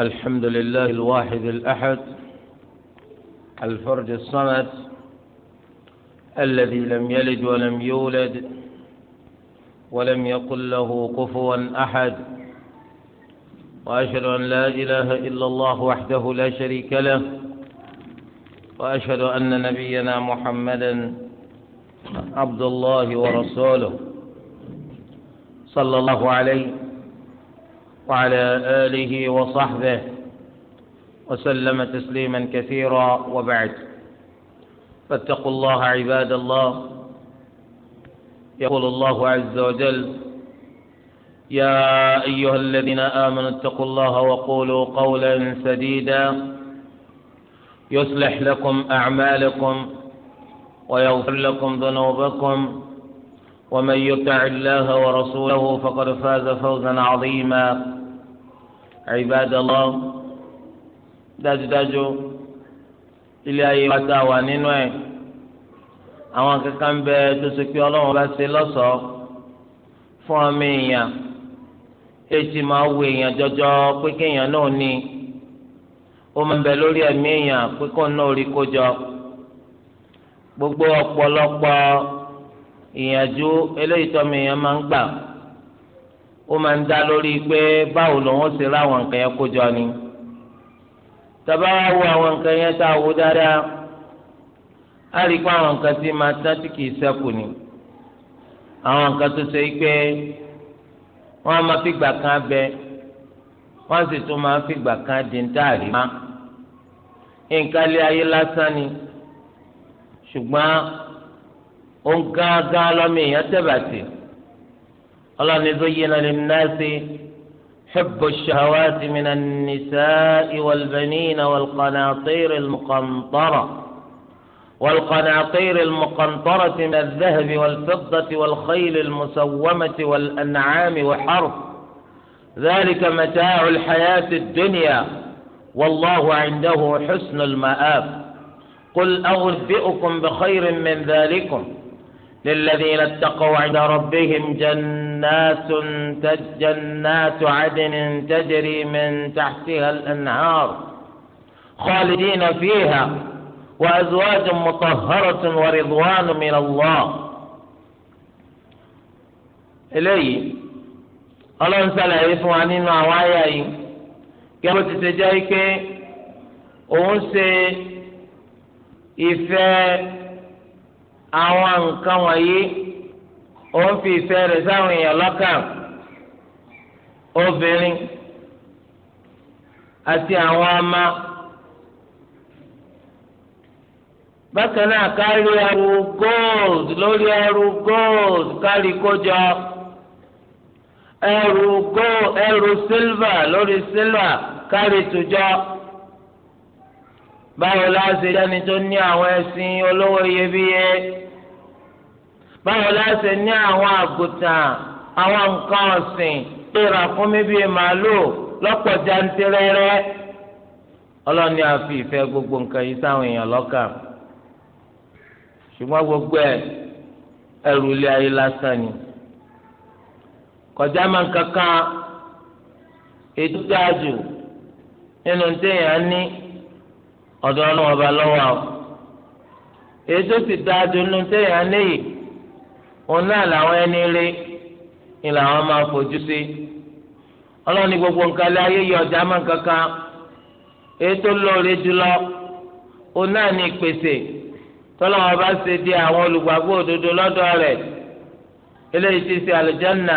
الحمد لله الواحد الأحد الفرج الصمد الذي لم يلد ولم يولد ولم يقل له كفوا أحد وأشهد أن لا إله إلا الله وحده لا شريك له وأشهد أن نبينا محمدا عبد الله ورسوله صلى الله عليه وعلى آله وصحبه وسلم تسليما كثيرا وبعد فاتقوا الله عباد الله يقول الله عز وجل يا أيها الذين آمنوا اتقوا الله وقولوا قولا سديدا يصلح لكم أعمالكم ويغفر لكم ذنوبكم ومن يطع الله ورسوله فقد فاز فوزا عظيما عباد الله dájúdájú ilé ayé wa tá a wà nínú ẹ àwọn kankan ń bẹ tó ṣe pé ọlọ́run bá ṣe lọ́sọ̀ọ́ fún ọmọ èèyàn èsì máa wo èèyàn jọjọ pé kéèyàn náà ní ó máa ń bẹ lórí ẹ̀mí èèyàn pé kóun náà rí kó jọ gbogbo ọ̀pọ̀lọpọ̀ ìyànjú eléyìí tọ́ mi yẹn máa ń gbà ó máa ń dá lórí pé báwo lòun ṣe láwọn nǹkan yẹn kójọ ni tọ́ba wá wo àwọn nǹkan yẹn tá a wo dáadáa á rí i pé àwọn nǹkan tí máa tán tí kìí ṣẹ́kù ni àwọn nǹkan tó ṣe pé wọ́n á máa fi gbà kan bẹ wọ́n sì tún máa fi gbà kan di ń dáàrí má nǹkan lé ayé lásán ni ṣùgbọ́n òun gángan lọ́mọ èèyàn tẹ́bàtì ọlọ́ni zayyana linnasi hubbu shahawati minan nisa'i wal banina wal qanatir al muqantara والقناطير المقنطرة من الذهب والفضة والخيل المسومة والأنعام وحرث ذلك متاع الحياة الدنيا والله عنده حسن المآب قل أنبئكم بخير من ذلكم للذين اتقوا عند ربهم جنات جنات عدن تجري من تحتها الأنهار خالدين فيها وأزواج مطهرة ورضوان من الله إلي الله ṣàlàyé fún wa nínú àwọn àyà yìí kí wọ́n àwọn nǹkan wọ̀nyí ó ń fi ìfẹ́ rẹ̀ sáwọn èèyàn lọ́kàn obìnrin àti àwọn ọmọ bákan náà gold lórí ẹrù gold kárí kójọ gold ẹrù silver lórí silver kárí tùjọ báwo la ṣe jẹ́ni tó ní àwọn ẹṣin olówó iyebíye. báwo la ṣe ní àwọn àgùntàn àwọn nǹkan ọ̀sìn tó rà fún mi bíi màálù lọ́pọ̀ jantirẹrẹ ọlọ́ni àfi ìfẹ́ gbogbo nǹkan yìí sáwọn èèyàn lọ́kàn ṣùgbọ́n gbogbo ẹ̀ ẹrù ilé ayé lásán ni kọjá máa ń kankan ètò dáàjù nínú téèyàn ní ọ̀dọ̀ lọ́wọ́ àwọn ètò sì nínú téèyàn òun náà làwọn ẹni rí ni làwọn máa fojú sí ọlọ́run ní gbogbo nǹkan lé ayé yọ ọjà máa kankan ètò lóore jùlọ òun ní ìpèsè tọ́lọ́wọ́n bá ṣe di àwọn olùgbàgbọ́ òdodo lọ́dọ̀ rẹ̀ eléyìí ti ṣe àlùjànnà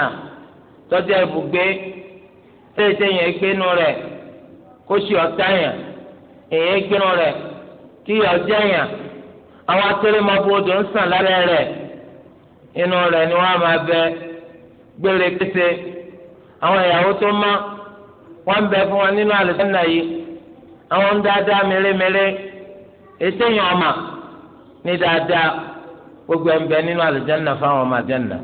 tọ́jú ibùgbé eléyìí ti gbénu rẹ̀ kó ṣì ọ̀tá yàn èyàn gbénu rẹ̀ kí ọ̀jẹ̀ àwọn akérèmọ́bù odò ń sàn inú rẹ̀ ni wọ́n á máa bẹ gbére kése àwọn ìyàwó tó mọ́ wọ́n ń bẹ fún wọn nínú àlùjánnà yìí àwọn ń dáadáa mèremère ètò èèyàn ọmọ ní dáadáa gbogbo ẹ̀ ń bẹ nínú àlùjánnà fáwọn ọmọ àlùjánnà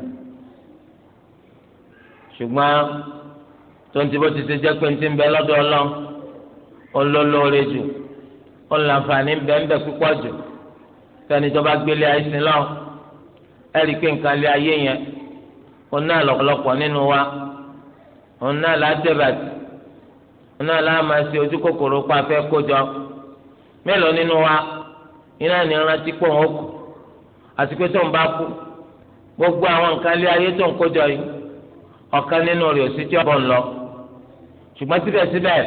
ṣùgbọ́n tonti bó ti ṣe jẹ́ pé ti ń bẹ lọ́dọ̀ ọlọ́run olólóore jù ọ̀làǹfààní ń bẹ ń bẹ púpọ̀ jù fẹ́ni tó bá gbélé àìsàn lọ́wọ́ ẹ̀rí pé nǹkan lé ayé yẹn òun náà lọ́pọ̀lọpọ̀ nínú wa òun náà là á dẹ̀bàtì òun náà là á máa ṣe ojú kòkòrò pa afẹ́ kójọ mélòó nínú wa iná rántí pọ̀ kù gbogbo àwọn nǹkan lé ayé tó ń kójọ yìí ọ̀kan nínú rẹ̀ ò sí tí ń lọ ṣùgbọ́n síbẹ̀síbẹ̀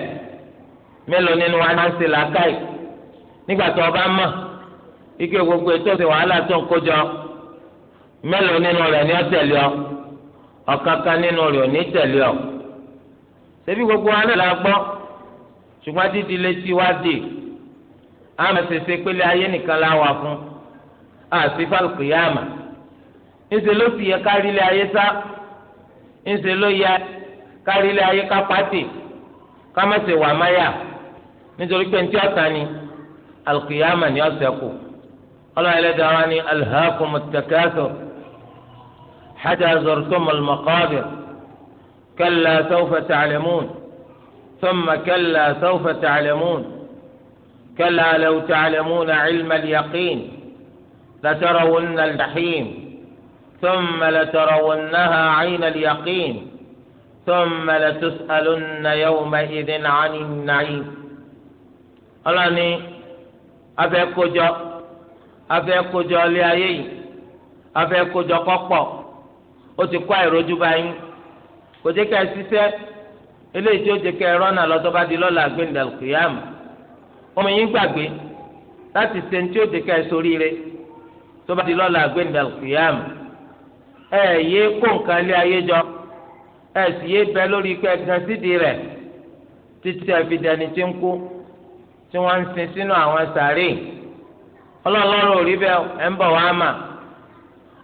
mélòó nínú wa náà ṣe ike gbogbo ètò tó ń kójọ. mélòó nínú rẹ̀ ni ó tẹ̀lé ọ ọ̀kankan nínú rẹ̀ ò ní ọ ụlọ gbogbo wa náà la wá àmì pélé ayé nìkan la wà fún àti ńṣe ló yẹ ayé sá ńṣe ló yẹ ayé ká pàtì wà máyà nítorí pé ntí ni ni kù حتى زرتم المقابر كلا سوف تعلمون ثم كلا سوف تعلمون كلا لو تعلمون علم اليقين لترون الجحيم ثم لترونها عين اليقين ثم لتسألن يومئذ عن النعيم ọlọ́ni afẹ́ جو afẹ́ جو ilé ayé جو قوقو O ti kó àìrójú báyìí kò jẹ́ ká ẹ ṣiṣẹ́ eléyìí tí ó jẹ́ ká ẹ rọ́nà lọ́tọ́ bá di lọ́la gbẹ̀ndàkìyàm ọmọ yín gbàgbé láti ṣe tí ó jẹ́ ká ẹ tó bá di lọ́la gbẹ̀ndàkìyàm ẹ yé kó nǹkan lé ayé jọ ẹ sì yé bẹ lórí ti ń kú tí wọ́n ń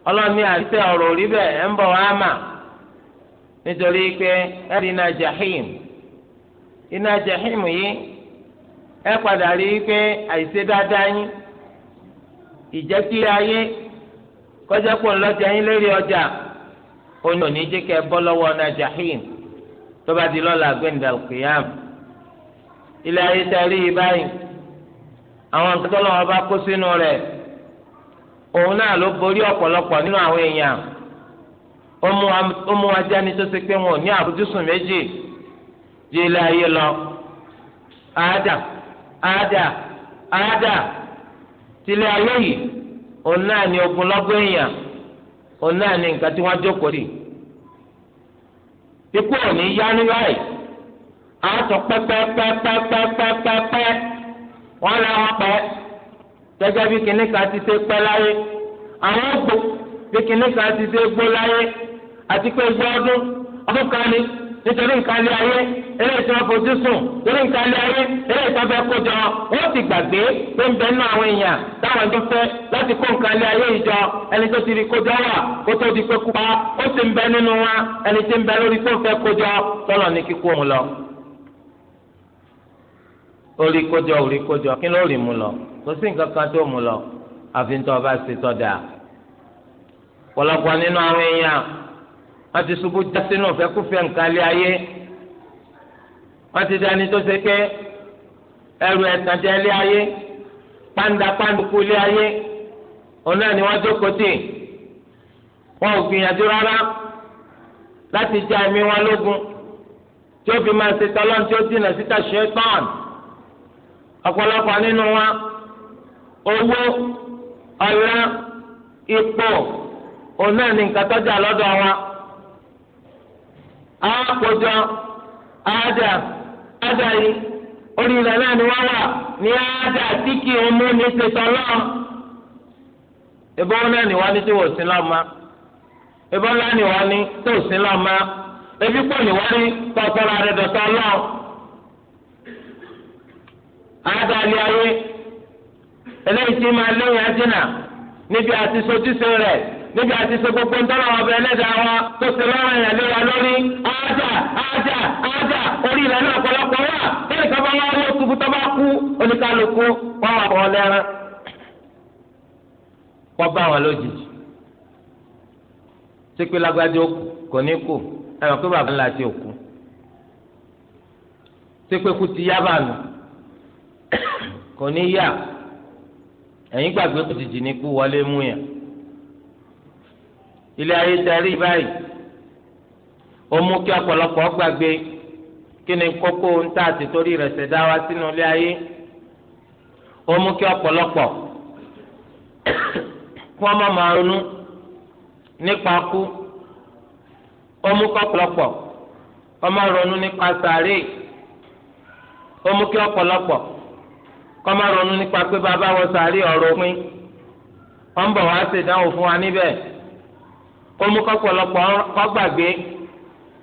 ọlọ́ni àti ọ̀rọ̀ orí bẹ́ẹ̀ ẹ̀ ń bọ̀ wá mà nítorí pé ẹ rí iná jahim iná jahim yìí ẹ padà rí pé àìṣe dáadáa yín ìjẹ́kí ayé kọjá pò lọ́jà yín lérí ọjà òun ò ní jẹ́ kẹ́ ẹ bọ́ lọ́wọ́ iná jahim tó bá di lọ́la gbẹ̀ndàlùkìyàm ilé ayé tẹ́ rí i báyìí àwọn nǹkan lọ́wọ́ bá kó sínú rẹ̀. òun náà ló borí ọ̀pọ̀lọpọ̀ nínú àwọn èèyàn ó mú wa ni tó ṣe pé wọn ò ní àfojúsùn méjì di ilé ayé lọ àádà àádà àádà tilé ayé yìí òun náà ni ogunlọ́gọ̀ èèyàn òun náà ní nǹkan tí wọ́n jókòó dì ikú ò ní yá gẹ́gẹ́ bí kìnìún kan ti ṣe pẹ láyé àwọn ògbó bí kìnìún kan ti ṣe gbó láyé àti pé gbọ́ ọdún ọdún kan ni nítorí nǹkan lé ayé eré tí wọn fojú sùn nítorí nǹkan lé ayé tí wọn kó jọ wọn ti gbàgbé pé ń bẹ nínú àwọn èèyàn táwọn tó fẹ́ láti kó nǹkan lé ayé ìjọ ẹni tó ti rí kó jọ di orí kójọ orí kójọ kí ló rí mu lọ kò sí nǹkan kan tó mu lọ àfi tó ọba ṣe tọ́da pọ̀lọpọ̀ nínú àwọn èèyàn wọn ti ṣubú já sínú fẹkúfẹ nǹkan lé ayé wọn ti dání tó ṣe pé ẹrù ẹ̀tànjẹ lé ayé pàǹdà pàǹdùkú lé ayé òun náà ni wọn jókòó tì wọn ò gbìyànjú rárá láti jẹ àmì wọn lógun tí ó fi máa ṣe tọ́lọ́n tí ó dìnà síta ṣe tán. ọ̀pọ̀lọpọ̀ nínú wa owó ọlá ipò òun náà ní nǹkan tọ́jà lọ́dọ̀ wa àkójọ àádà àádà yìí orí náà ni wọ́n wà ní àádà tí kì í mú ní ṣètọ́ ìbọn náà ni wọ́n ní tí ni wọ́n ní tí àádọ́lẹ̀ ayé eléyìí tí máa lẹ́yìn àjìnà níbi àti sojúṣe rẹ̀ níbi àti ṣe gbogbo ńdọ́rọ̀ ọbẹ̀ ẹlẹ́dàá wa tó ṣe lọ́rọ̀ ẹ̀yà léra lórí ájà ájà ájà orí ilẹ̀ náà pọ̀lọpọ̀ wà lórí kọ́ bá wá owó tuntun tó bá kú oníkálukú wọ́n wà bọ̀ lẹ́rán wọ́n bá wọn lójijì sípé lágbájá kò ní kù ẹ̀rọ pé bàbá ńlá ti òkú sípé kú ti yá bàánù. kò ní yá ẹ̀yin gbàgbé kùtìjì ní kú wọlé mú yàn ilé ayé tẹ̀rí báyìí ó mú kí ọ̀pọ̀lọpọ̀ gbàgbé kí ni kókó ń tà torí rẹ̀ ṣẹ̀dá wá sínú ilé ayé ó mú kí ọ̀pọ̀lọpọ̀ máa ronú nípa mú kí ọ̀pọ̀lọpọ̀. kọ́má ronú nípa pé bàbá wọ sàárì ọ̀rọ̀ pín wọ́n bọ̀ wá ṣe ìdánwò fún wa níbẹ̀ kó mú kọ́pọ̀lọpọ̀ kọ́gbàgbé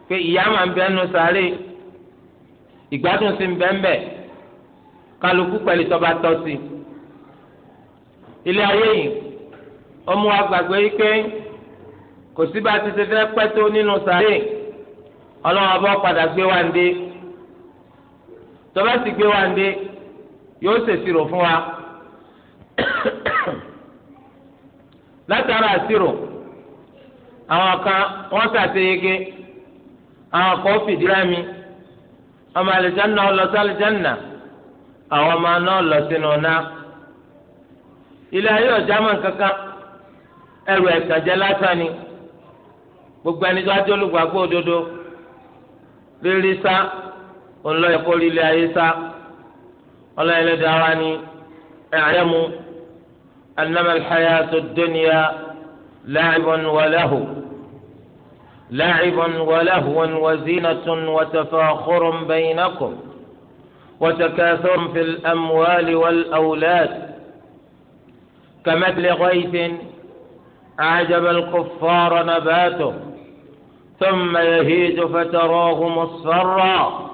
pé ìyá máa ń bẹ nu sàárì ìgbádùn sí ń bẹ ń bẹ kálukú pẹ̀lú tọ́ba tọ́ sí ilé ayé yìí ó mú wa gbàgbé yìí pé kò sí bá a ti ṣe fẹ́ pẹ́ tó nínú sàárè ọlọ́run ọba padà gbé wa ń dé tọ́ba sì gbé wa ń dé. yóò ṣèṣirò fún wa látara àṣírò àwọn kan wọ́n ṣàṣeyege àwọn kan fìdíra mi ọmọ àlìjáná lọ sí àwọn ọmọ náà lọ sínú ile ilé ayé ọjà mọ kankan ẹrù ẹ̀tànjẹ lásán ni gbogbo ẹni tó ajọ́ olùgbàgbọ́ òdodo rírí sá òun lọ ẹ̀kọ́ rí ilé ayé ولا إلى داراني اعلموا أنما الحياة الدنيا لعب ولهو لعب ولهو وزينة وتفاخر بينكم وتكاثر في الأموال والأولاد كمثل غيث أعجب الكفار نباته ثم يهيج فتراه مصفرا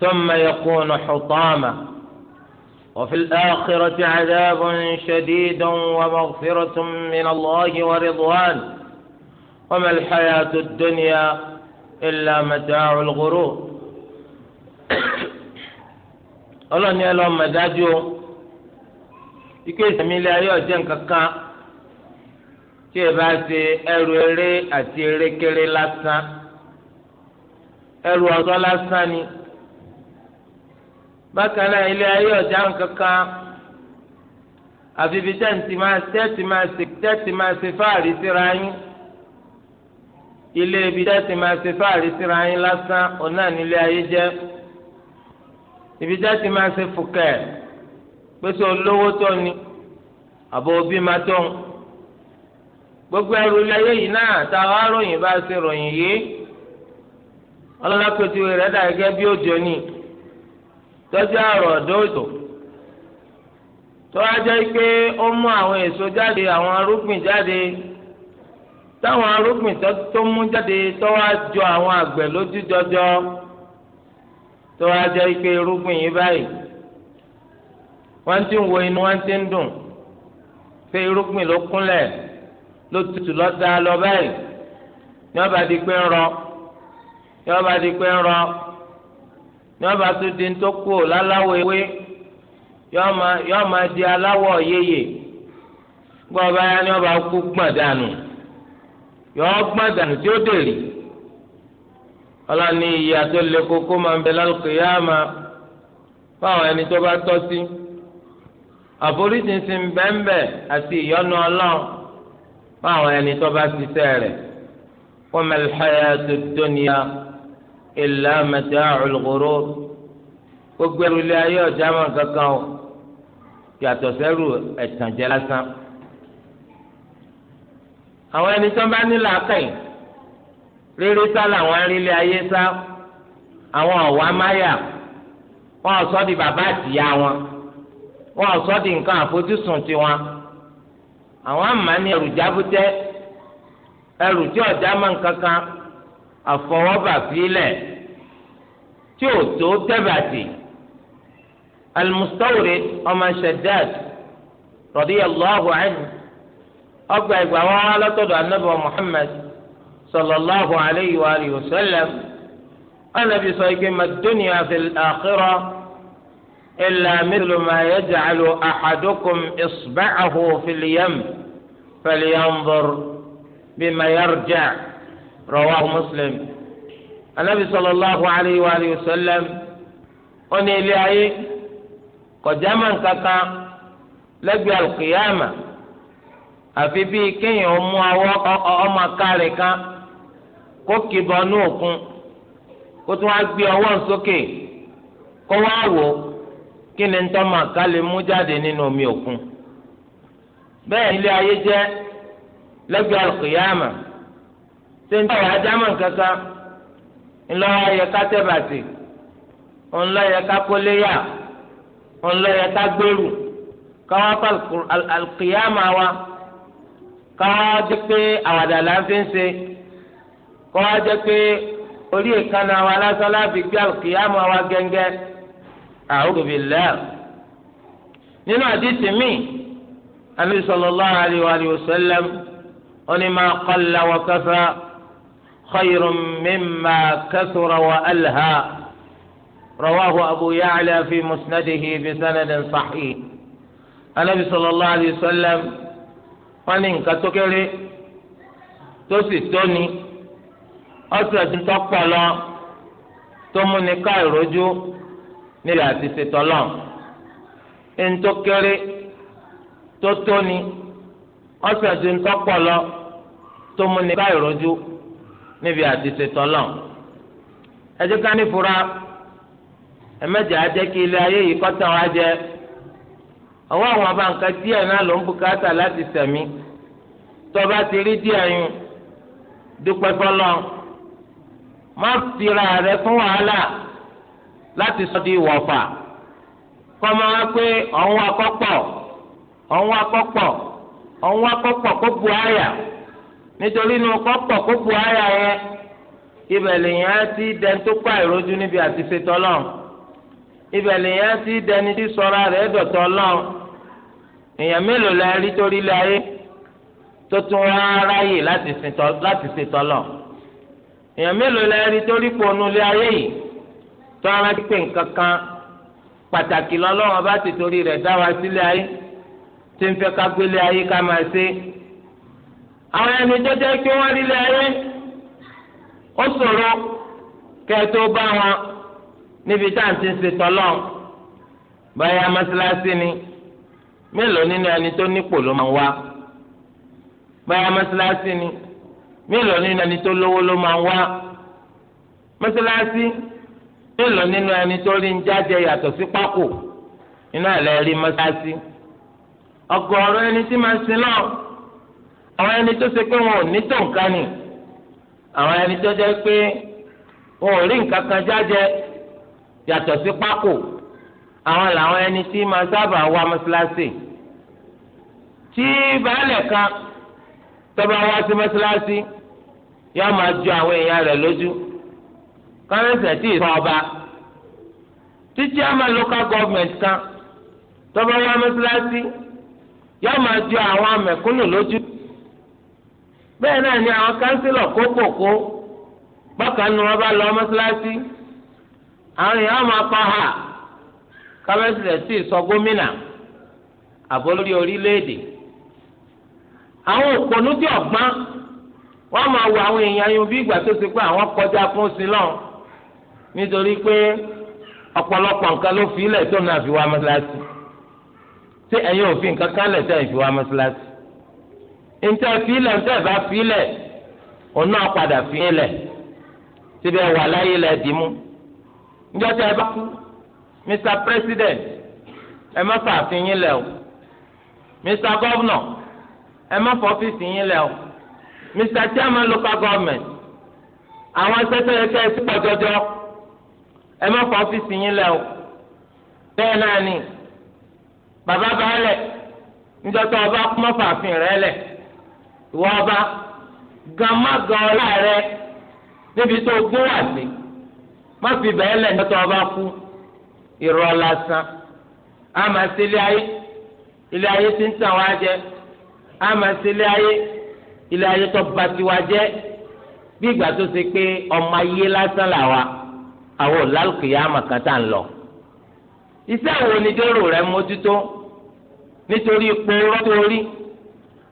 ثم يكون حطاما وفي الآخرة عذاب شديد ومغفرة من الله ورضوان وما الحياة الدنيا إلا متاع الغرور ọlọ́ni ẹ lọ́ọ́ mọ̀dájú o ike ìsẹ̀mí ilé ayé ọ̀jẹ̀ nkankan tí ẹ bá ṣe ẹrù eré àti erékeré lásán ẹrù ọ̀tọ́ lásán ni bákan náà ilé ayé ọjà kankan àfibí tẹ́ǹtì máa tẹ́ǹtì máa ṣe tẹ́ǹtì máa ṣe fáàrí síra yín ilé ibi tẹ́ǹtì máa ṣe fáàrí síra yín lásán òun nílé ayé jẹ́ ibi tẹ́ǹtì máa ṣe fùkẹ́ pèsè olówó tó ni àbò òbí máa tó ń gbogbo ẹrù ilé ayé yìí náà tá wá ròyìn bá ṣe ròyìn yìí ọlọ́lá pẹ̀tù rẹ̀ dà gẹ́gẹ́ bí òjò ni tọ́jú àrò ọ̀dọ́dọ̀ tó wá jẹ́ pé ó mú àwọn èso jáde àwọn arúgbìn jáde táwọn arúgbìn tó mú jáde tó wá jọ àwọn àgbẹ̀ lójú jọjọ tó wá jẹ́ pé irúgbìn yìí báyìí wọ́n ti ń wo inú wọ́n ti ń dùn pé irúgbìn ló kúnlẹ̀ ló tutù lọ́dà lọ báyìí ní ọba di pé ń rọ ní ọba di pé ń rọ ní wọn bá tún di tó kú ò láláwọ ewé yọọ máa di aláwọ yéyè gbọ́ ọba ya ni wọn bá kú gbọ̀n dànù yọọ gbọ̀n dànù tí ó dèrè ọlọ́ni ìyá tó le koko máa ń bẹ lálùkò yá máa fáwọn ẹni tó bá tọ́ sí àforíṣinṣin bẹ́ẹ̀nbẹ́ àti ìyọ́nú ọlọ́run fáwọn ẹni tó bá ṣiṣẹ́ rẹ̀ wọ́n mẹ́lẹ́ ṣáyà tó dóníyà ìlà mata'ul ghurur gbogbo ẹrù ilé ayé ọ̀já máa kankan o yàtọ̀ sẹ́rù ẹ̀tànjẹ lásán. àwọn ẹni tó ń bá nílò akẹ́yìn rírí sá làwọn arílé ayé sá àwọn ọ̀wá máyà wọn ò sọ́ di bàbá àtìyá wọn wọn ò sọ́ di nǹkan àfojúsùn tiwọn àwọn àmà ní ẹrù jábútẹ́ ẹrù tí ọ̀já máa kankan. àfọwọ́bà sílẹ̀ tí ò tó tẹ́bàtì al-Mustawrid ọmọ Shaddad radiyallahu anhu ɔgba ìgbà wọn wá anabiwa anabi Muhammad sallallahu alayhi wa alihi wa sallam anabi sɔ ike ma dunya fil akhirah illa mithlu ma yaj'alu ahadukum isba'ahu fil yam falyanzur bima yarja'. rawahu muslim anabi sallallahu alayhi wa alihi wa sallam ó ní ilé ayé kọjá máa ń kankan lẹ́gbẹ̀ẹ́ alùkìyàmà àfi bíi kéèyàn kan kó kìbọ̀ ní òkun tún wá gbé ọwọ́ sókè omi ṣé ń tọ́ ìyá jámọ̀ kankan ńlọ yẹ ká tẹ́bàtì ńlọ yẹ ká kóléyà ńlọ yẹ ká gbèrú káwá pa alùkìyàmà wa káwá jẹ́ pé àwàdà là ń fi ń ṣe káwá jẹ́ pé orí ìkànnà wa lásán láfi gbé alùkìyàmà wa gẹ́gẹ́ a'udhu nínú àdìsí míì Ànábì sallallahu alaihi wa sallam ó ní ma qalla خير مما كثر وألهى رواه أبو يعلى في مسنده بسند صحيح النبي صلى الله عليه وسلم wọ́n ní nǹkan tó kéré tó sì tóni ọ̀sẹ̀ tó tọ́pọ̀ lọ tó mú ní ká ìrójú níbi àti ṣètọ́lọ̀ ẹni tó kéré tó tóni ọ̀sẹ̀ tó tọ́pọ̀ lọ tó mú ní ká ìrójú. níbi àtìsè tọ́lọ̀ ẹ jẹ́ ká ní fura ẹ mẹ́jẹ̀ á jẹ́ kí ilé ayé yìí kọ́tà wá jẹ́ ọwọ́ àwọn ọba nǹkan náà ló ń láti ti rí díẹ̀ yun dúpẹ́ má fira rẹ fún wàhálà láti sọ di ìwọ̀fà kọ́mọ wa pé ọ̀hún akọ́pọ̀ ọ̀hún akọ́pọ̀ ọ̀hún akọ́pọ̀ kó bu àyà. nítorí inú kọ́pọ̀ kókò àyà yẹn ibẹ̀ lèyìn á ti dẹni tó kọ́ àìrójú níbi àti ṣètò ọlọ́run ibẹ̀ lèyìn á ti dẹni tí sọra rẹ̀ dọ̀tọ̀ ọlọ́run èèyàn mélòó la rí torí ilé ayé tó tún wá ráyè láti ṣètò ọlọ́run èèyàn mélòó la rí torí pònú ilé ayé yìí tó ara pípé nǹkan kan pàtàkì lọ́lọ́run bá ti torí rẹ̀ dá wa sílé ayé tí ń fẹ́ ká gbélé ayé ká máa ṣe é. àwọn ẹni tó jẹ́ ki wọ́n rí lẹ́yẹ ó ṣòro kẹ́ bá wọn níbi tá à ń ti ṣe tọ́lọ́ báyà ni mélòó nínú ẹni tó nípò ló máa wá báyà mọ́ṣáláṣí ni mélòó nínú ẹni tó lówó ló máa wá mélòó nínú ẹni tó rí ń jáde yàtọ̀ sí pákó iná ẹ̀ lẹ́ẹ̀rí ọgọ́rùn-ún àwọn ẹni tó ṣe pé wọn ò ní tó nǹkan ni àwọn ẹni tó jẹ́ pé wọn ò rí nǹkan kan jájẹ yàtọ̀ sí pákó àwọn làwọn ẹni tí máa sábà wá mọ́ṣáláṣí tí baálẹ̀ kan tó wá sí mọ́ṣáláṣí yóò máa ju àwọn èèyàn rẹ̀ lójú kọ́rẹ́sẹ̀ tí ì ọba títí àmà local government kan tó bá wá mọ́ṣáláṣí yóò máa ju àwọn mẹ̀kúnnù lójú. bẹ́ẹ̀ náà ni àwọn kánsílọ̀ kókòkó bákan ni wọ́n bá lọ mọ́ṣáláṣí àwọn èèyàn máa pa ha kábẹ́sìlẹ̀ sí sọ gómìnà àbólórí orílẹ̀-èdè àwọn òpònú tí ọ̀gbọ́n wọ́n máa wọ àwọn èèyàn yun bí ìgbà tó ti pé àwọn kọjá fún sílọ̀ nítorí pé ọ̀pọ̀lọpọ̀ nǹkan ló fi ilẹ̀ tó náà fi wá mọ́ṣáláṣí tí ẹ̀yin òfin kankan lẹ̀ tẹ́ wá ntẹ filẹ ntẹ bá filẹ ọ̀nà padà filẹ síbẹ̀ wà láyé lẹ dìímú njọ́tẹ̀ ẹ bá kú mr president ẹ má fàáfin yín lẹ o mr governor ẹ má fọ́fíìsì yín lẹ o mr chairman local government àwọn sẹ́tẹ̀ ẹ̀kẹ́ ẹ̀ sípò jọjọ ẹ má fọ́fíìsì yín lẹ o bẹ́ẹ̀ náà ni bàbá baálẹ̀ njọ́tẹ̀ ọba kú má fàáfin rẹ lẹ̀. ìwọ ọba gàmágan ọlá rẹ níbi tó gbé wà sí má fi bẹ́ẹ̀ lẹ̀ ní ọba kú irọ́ lásán àmà sí ilé ayé ilé ayé ti ń tàn wá jẹ àmà sí ilé ayé ilé ayé tó ba tiwa jẹ bí ìgbà tó ṣe pé ọmọ ayé lásán àwọn àmàkàtà ń lọ iṣẹ́ rẹ mójútó nítorí ipò rọ́tò orí.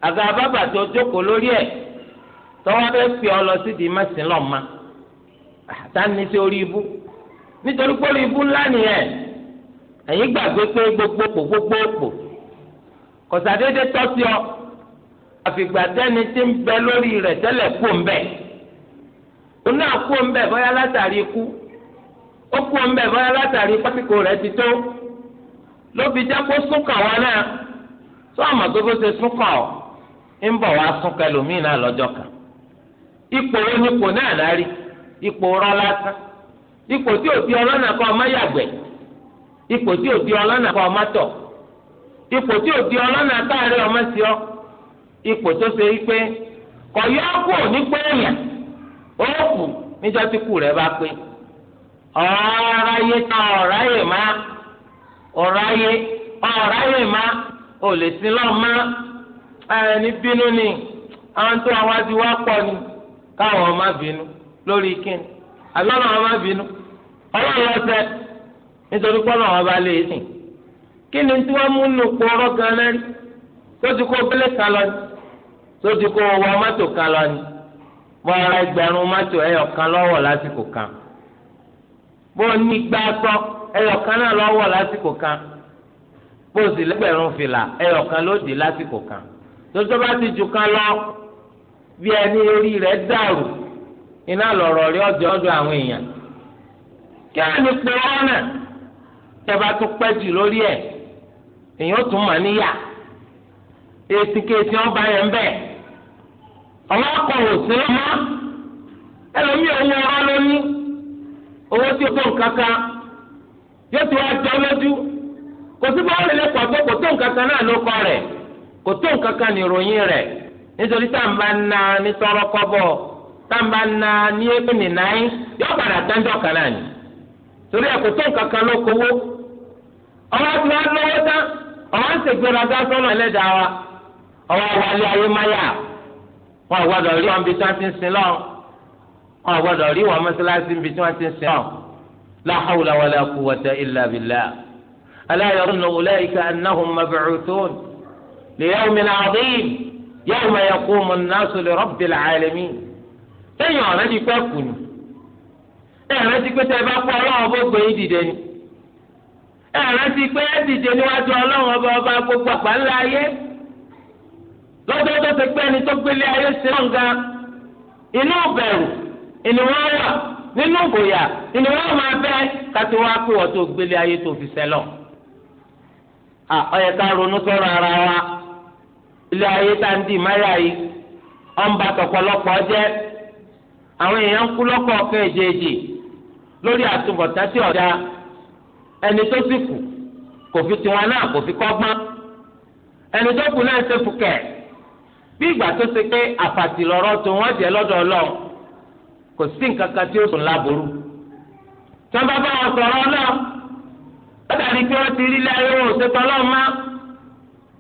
àga bàbà tó jókòó lórí ẹ̀ tọ́wọ́ bẹ́ẹ̀ fi ọ lọ sí di mẹ́sìn lọ́ọ̀ma àtàní sí orí ibú nítorí pé orí ibú ńlá nìyẹn ẹ̀yin gbàgbé pé gbogbogbò gbogbogbò kọ̀sàdédé tọ́ sí ọ àfìgbà tẹ́ni tí ń bẹ lórí rẹ̀ tẹ́lẹ̀ kó ń bẹ̀ ó náà kó ń bẹ̀ bọ́yá látàrí ikú ó kó ń bẹ̀ bọ́yá látàrí pásíkò rẹ̀ ti tó ló jẹ́ kó súnkàn wọn náà tó àmọ́ tó bó ṣe súnkàn ọ́ ń bọ̀ wá sún kẹlòmíì náà lọ́jọ́ kan ipò onípò náà lárí ipò rọ́ lásán ipò tí ò di ọlọ́nà kọ́ ọmọ yàgbẹ́ ipò tí ò di ọlọ́nà kọ́ ọmọ tọ̀ ipò tí ọlọ́nà káàárẹ̀ ọmọ sí ọ ipò tó ṣe yí pé kọ̀yọ́ kù ní pé ó kù níjọ́ tí kù ẹni bínú ni àwọn tó àwọn ti wá pọ̀ ni káwọn má bínú lórí kíni àbí wọn náà bínú ọlọ́run ọ̀sẹ̀ nítorí pé ọba lè sìn kí tí wọ́n mú nù pọ̀rọ̀ gan-an tó ti kó bẹ́lẹ̀ kan lọ ni tó ti kó wọ mọ́tò kan lọ ni wọ́n ra ẹgbẹ̀rún mọ́tò ẹyọ kan lọ́wọ́ lásìkò kan bó ní gbá sọ ẹyọ kan náà lọ́wọ́ lásìkò kan bó sì lẹ́gbẹ̀rún fìlà ẹyọ ló dé lásìkò kan. tótó bá ti jù kan lọ bí ẹni orí rẹ̀ dàrú iná lọ̀rọ̀ rí ọjọ́ ọdún àwọn èèyàn kí á ní pé ọ̀nà tẹ́bà tó pẹ́ jù lórí ẹ̀ èèyàn ó tún níyà èsì ọba yẹn ń bẹ̀ akọ̀wò sí ló mọ́ ẹlòmíì owó tí tó yóò ti wá lójú kò sí tó kò tó nǹkan kan ní ìròyìn rẹ̀ nítorí tá à ń bá na ní tọrọ na ní yóò padà tẹ́jọ́ kan náà ni torí ẹ̀ kò tó nǹkan kan ló kówó ọwọ́ tí wọ́n lówó tán ọwọ́ ń sọ́nà ẹlẹ́dàá wa ọwọ́ ayé máyà wọn rí wọn sin lọ́wọ́ wọn rí wọn mọ́ṣáláṣí bí tí wọ́n ti ń sin lọ́wọ́ ليوم عظيم يوم يقوم الناس لرب العالمين ẹ̀yin ọ̀rẹ́ ni ẹ̀rẹ́ ti pé tẹ́ ẹ bá kú ọlọ́run bó gbé yín dìde ti pé ẹ dìde níwájú ọlọ́run ọba ọba ti pẹ́ ẹni tó gbélé ayé sí náà ga inú máa kátó wá tó gbélé ayé tó fi ronú ara wa. ilé ayé tá ń di máyà yìí ọ̀nba tọ̀pọ̀lọpọ̀ jẹ́ àwọn èèyàn kú lọ́kọ̀ ọ̀fẹ́ èjèèjì lórí àtúbọ̀tán tí ọ̀dà ẹni tó sì kù kò fi tiwọn náà kò fi kọ́gbọ́n ẹni tó kù náà ṣe fukẹ̀ bí ìgbà tó ṣe pé àfàtì lọ́rọ́ tó wọ́n jẹ́ lọ́dọ̀ ọlọ́run kò sí nǹkan kan tí ó sùn ti rí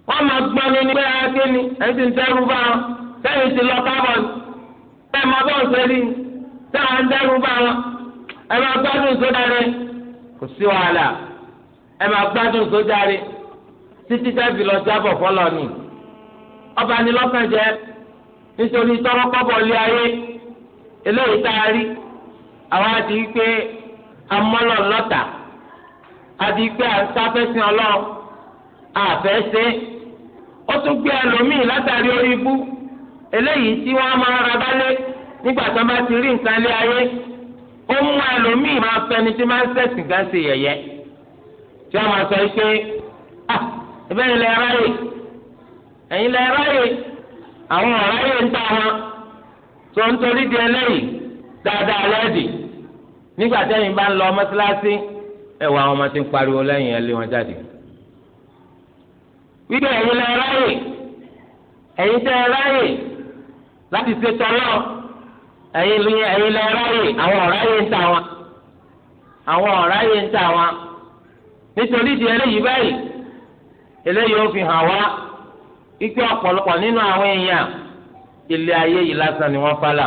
wọ́n máa gbọ́n ní pé ake ni ẹni tí ń dẹ́rù bá wọn sẹ́yìn ti lọ kábọ̀ ni sẹ́yìn máa bọ̀ sẹ́yìn sẹ́yìn ń dẹ́rù bá wọn ẹ máa gbádùn sódà rẹ kò sí wàhálà ẹ máa gbádùn sódà rẹ títí sẹ́fì lọ jábọ̀ fọlọ́ ni ọba ni lọ́kàn jẹ́ nítorí tọ́rọ́kọ́bọ̀ lé ayé eléyìí tá a rí àwọn àti pé amọ́lọ̀ lọ́tà àti pé à sáfẹ́sìn ọlọ́run àfẹ́sẹ́ ó tún gbé ẹlòmíì látàrí orí ibú eléyìí tí wọ́n máa ra bálé nígbà ti rí nǹkan lé ayé ó mú ẹlòmíì máa fẹni tí máa ń ṣẹ̀sìn gan ṣe yẹ̀yẹ́ tí máa sọ pé ah ẹ̀bẹ̀ ni ráyè ẹ̀yin lẹ ráyè àwọn ọ̀ráyè ń ta wọn tó ń torí di eléyìí dáadáa lẹ́ẹ̀dì nígbà tẹ́yìn bá ń lọ àwọn ọmọ ti pariwo lẹ́yìn wọn jáde ẹ̀yin ẹ̀yin tẹ ẹ ráyè láti ṣe tọ́lọ́ ẹ̀yin lè lè ráyè àwọn ọ̀ráyè ń tà wọn àwọn ọ̀ráyè ń tà wọn nítorí di eléyìí báyìí eléyìí ó fi hàn wá ike ọ̀pọ̀lọpọ̀ nínú àwọn èèyàn ilé ayé yìí ni wọ́n fálà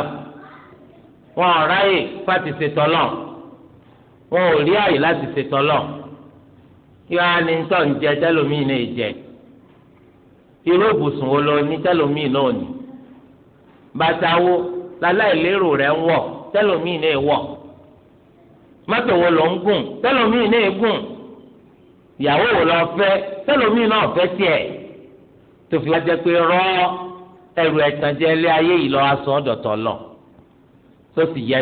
wọn ọ̀ráyè láti ṣe wọn ò rí àyè láti ṣe wọ́n á ní ń jẹ irú òbùsùn wo lọ ní tẹlómi náà ni bàtà wo láláìlérò rẹ wọ tẹlómi náà wọ mọ́tò wo lọ ń gùn tẹlómi náà gùn ìyàwó wo lọ fẹ́ tẹlómi náà fi pé rọ ẹrù ẹ̀tànjẹ ilé ayé yìí lọ aṣọ ọdọtọ lọ tó sì yẹ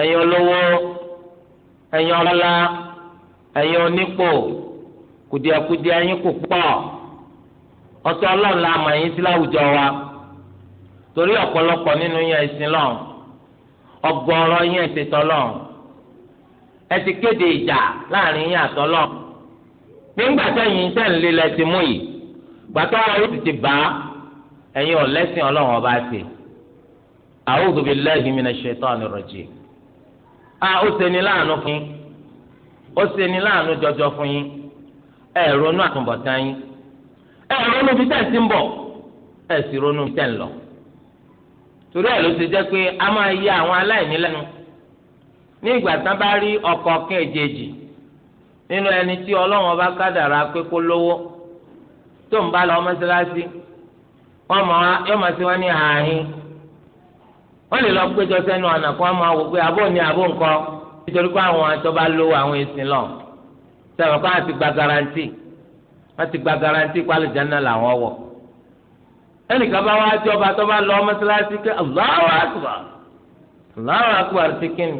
ẹ̀yin olówó ẹ̀yin ọlọ́lá ẹ̀yin onípò kùdìẹ̀kùdìẹ̀ ẹ̀yin kò pọ̀ ọ̀tọ̀ la mọ̀ ẹ̀yin sí wa torí ọ̀pọ̀lọpọ̀ nínú yẹn ẹ̀sìn lọ́run ọgọ́rọ̀ yẹn ẹ̀sìn ẹ ti kéde ìjà láàrin yẹn nígbà ti mú yìí ara yóò ti bá ọba ṣe. a ó ṣeni láàánú fún yín ó ṣeni láàánú jọjọ fún yín ẹ ronú àtúbọ̀tán yín ẹ ronú bí tẹ̀sí ń bọ̀ ẹ sì ronú lọ torí ẹ̀ ló jẹ́ pé a máa yà àwọn aláìní lẹ́nu ní ìgbà tán bá rí ọkọ̀ nínú ẹni tí ọba kádàrá pé kó lówó tó ń bá lọ wọ́n lè lọ péjọ sẹ́nu ọ̀nà kó máa wò pé abó ni abó nǹkan nítorí pé àwọn àtọ́ba lówó àwọn èsìn lọ sẹ́wọ̀n kó àti gba garanti wọ́n ti gba garanti pé alìjáná làwọn wọ̀ ẹnìkan bá wá jọba tó bá lọ mọ́sálásí pé Allahu Akbar Allahu Akbar ti kíni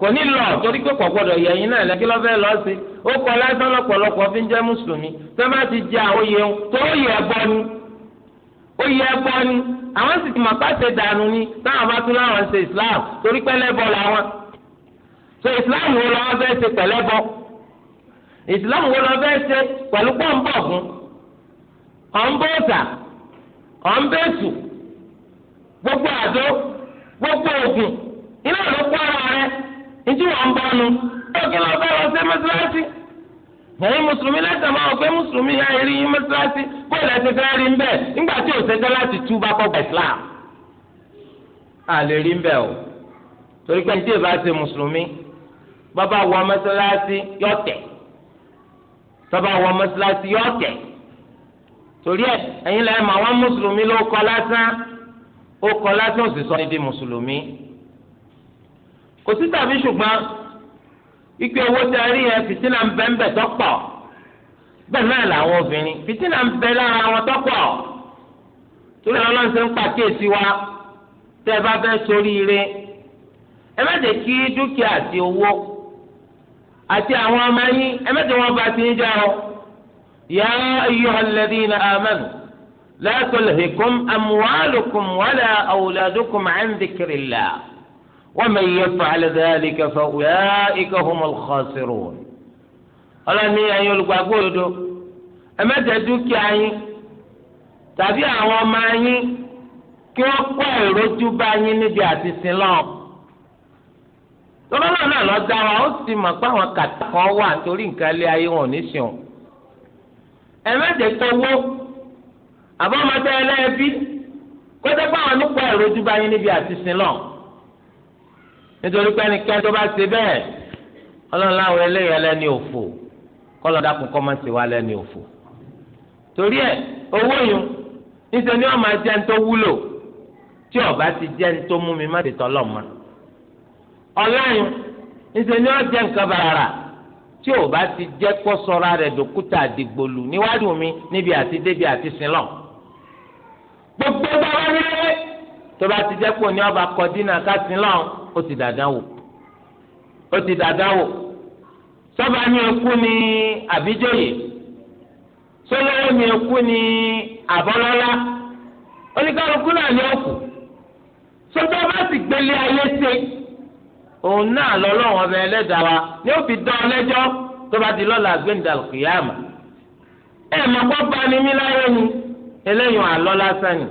kò ní lọ torí pé kò gbọdọ̀ yẹ yín náà lẹ́kí lọ́fẹ́ lọ sí ó kọ lásán lọ́pọ̀lọpọ̀ fi ń jẹ́ mùsùlùmí tẹ́ oyi ebe ẹbọ ni àwọn sì ti mọ̀ pàṣẹ dànù ni táwọn bá tún láwọn ṣe islam torí pẹ́lẹ́bọ làwọn so islam wo lọ́wọ́ fẹ́ ṣe pẹ̀lẹ́bọ islam wo lọ́wọ́ fẹ́ ṣe pẹ̀lú pọ́ńpọ̀gùn ọ̀nbọ̀ọ̀tà ọ̀nbẹ̀ẹ̀tù gbogbo àdó gbogbo ògùn iná ló kó ara rẹ ìdí wọn bọ́nu ó kí lọ sí ẹ̀yin mùsùlùmí lẹ́sẹ̀ máa wọ pé mùsùlùmí ya eré yín mọ́sálásí bóyá ẹ̀sìn fẹ́ rí mbẹ́ nígbà tí òṣèjọ́ láti tú bá kọ́gbà islam. a lè rí mbẹ́ o torí pé nítorí bá ṣe mùsùlùmí bàbá wọ mọ́sálásí yọ tẹ̀ bàbá wọ mọ́sálásí yọ tẹ̀ torí ẹ̀ ẹ̀yin lẹ́yìn máa wọ́n mùsùlùmí ló kọ́ lásán ó kọ́ lásán ó sì di mùsùlùmí kò sí tàbí ṣùgbọ́n ike owó tẹ rí yẹn fìtínà ń bẹ ń bẹ tọ́pọ̀ bẹ́ẹ̀ náà làwọn obìnrin fìtínà ń bẹ lára wọn tọ́pọ̀ torí àwọn ọlọ́run ṣe ń pàkíyèsí wa tẹ́ ẹ bá fẹ́ sórí ire ẹ má kí dúkìá àti owó àti àwọn ọmọ yín ẹ má wọn bá ti ń jẹ́ ọ. يا أيها الذين آمنوا لا تلهكم أموالكم ولا أولادكم عن ذكر الله ومن يفعل ذلك فأولئك هم الخاسرون ọlọ́ni ẹ̀yin olùgbàgbọ́ òdodo ẹ má jẹ́ dúkìá yín tàbí àwọn ọmọ yín kí wọ́n kọ́ ìrójú bá yín níbi àti sinlọ́ọ̀ tọ́lọ́lọ́ náà lọ dá wa ó sì mọ̀ pé àwọn kàtà kan wà torí nǹkan ilé ayé wọn ò ní sùn ẹ má jẹ́ tọwọ́ àbọ̀mọdé ẹlẹ́ẹ̀bí kó tẹ́ pé àwọn nípa ìrójú bá níbi àti sinlọ́ọ̀ nítorí pé ẹnikẹ́ni tó bá ṣe bẹ́ẹ̀ ọlọ́run láwọn eléyìí lẹ́ni òfò kọ́lọ́ dákun kọ́ máa ṣe wá lẹ́ni òfò torí ẹ̀ owó yìí níṣẹ́ ni wọ́n máa jẹ́ ń tó wúlò tí ọba ti jẹ́ ń tó mú mi má tètè ọlọ́mọ ọlá yìí níṣẹ́ ni wọ́n jẹ́ nǹkan bàrà tí o bá ti jẹ́ kó sọ́ra rẹ̀ dòkúta àdìgbòlù níwájú mi níbi àti débi àti sinlọ. gbogbo bá nílé tó bá ti jẹ́ kó ní ọba kọ ó ti dàdán wò ó ti dàdán wò sọ́ba ní ekú ni àbíjòyè sọ́lọ́wọ́ ní ekú ni àbọ́lọ́lá oníkálukú náà ní ọ̀kù sọ́ba bá sì gbélé ayé ṣe òun náà lọ́lọ́wọ́ ọbẹ̀ ẹlẹ́dàá wa ni ó fi dán ọ tó bá di lọ́la gbẹ̀ndàlùkìyàmà ẹ̀ mọ̀ kọ́ bá ni mí láyé ni eléyìí àlọ́ lásán ni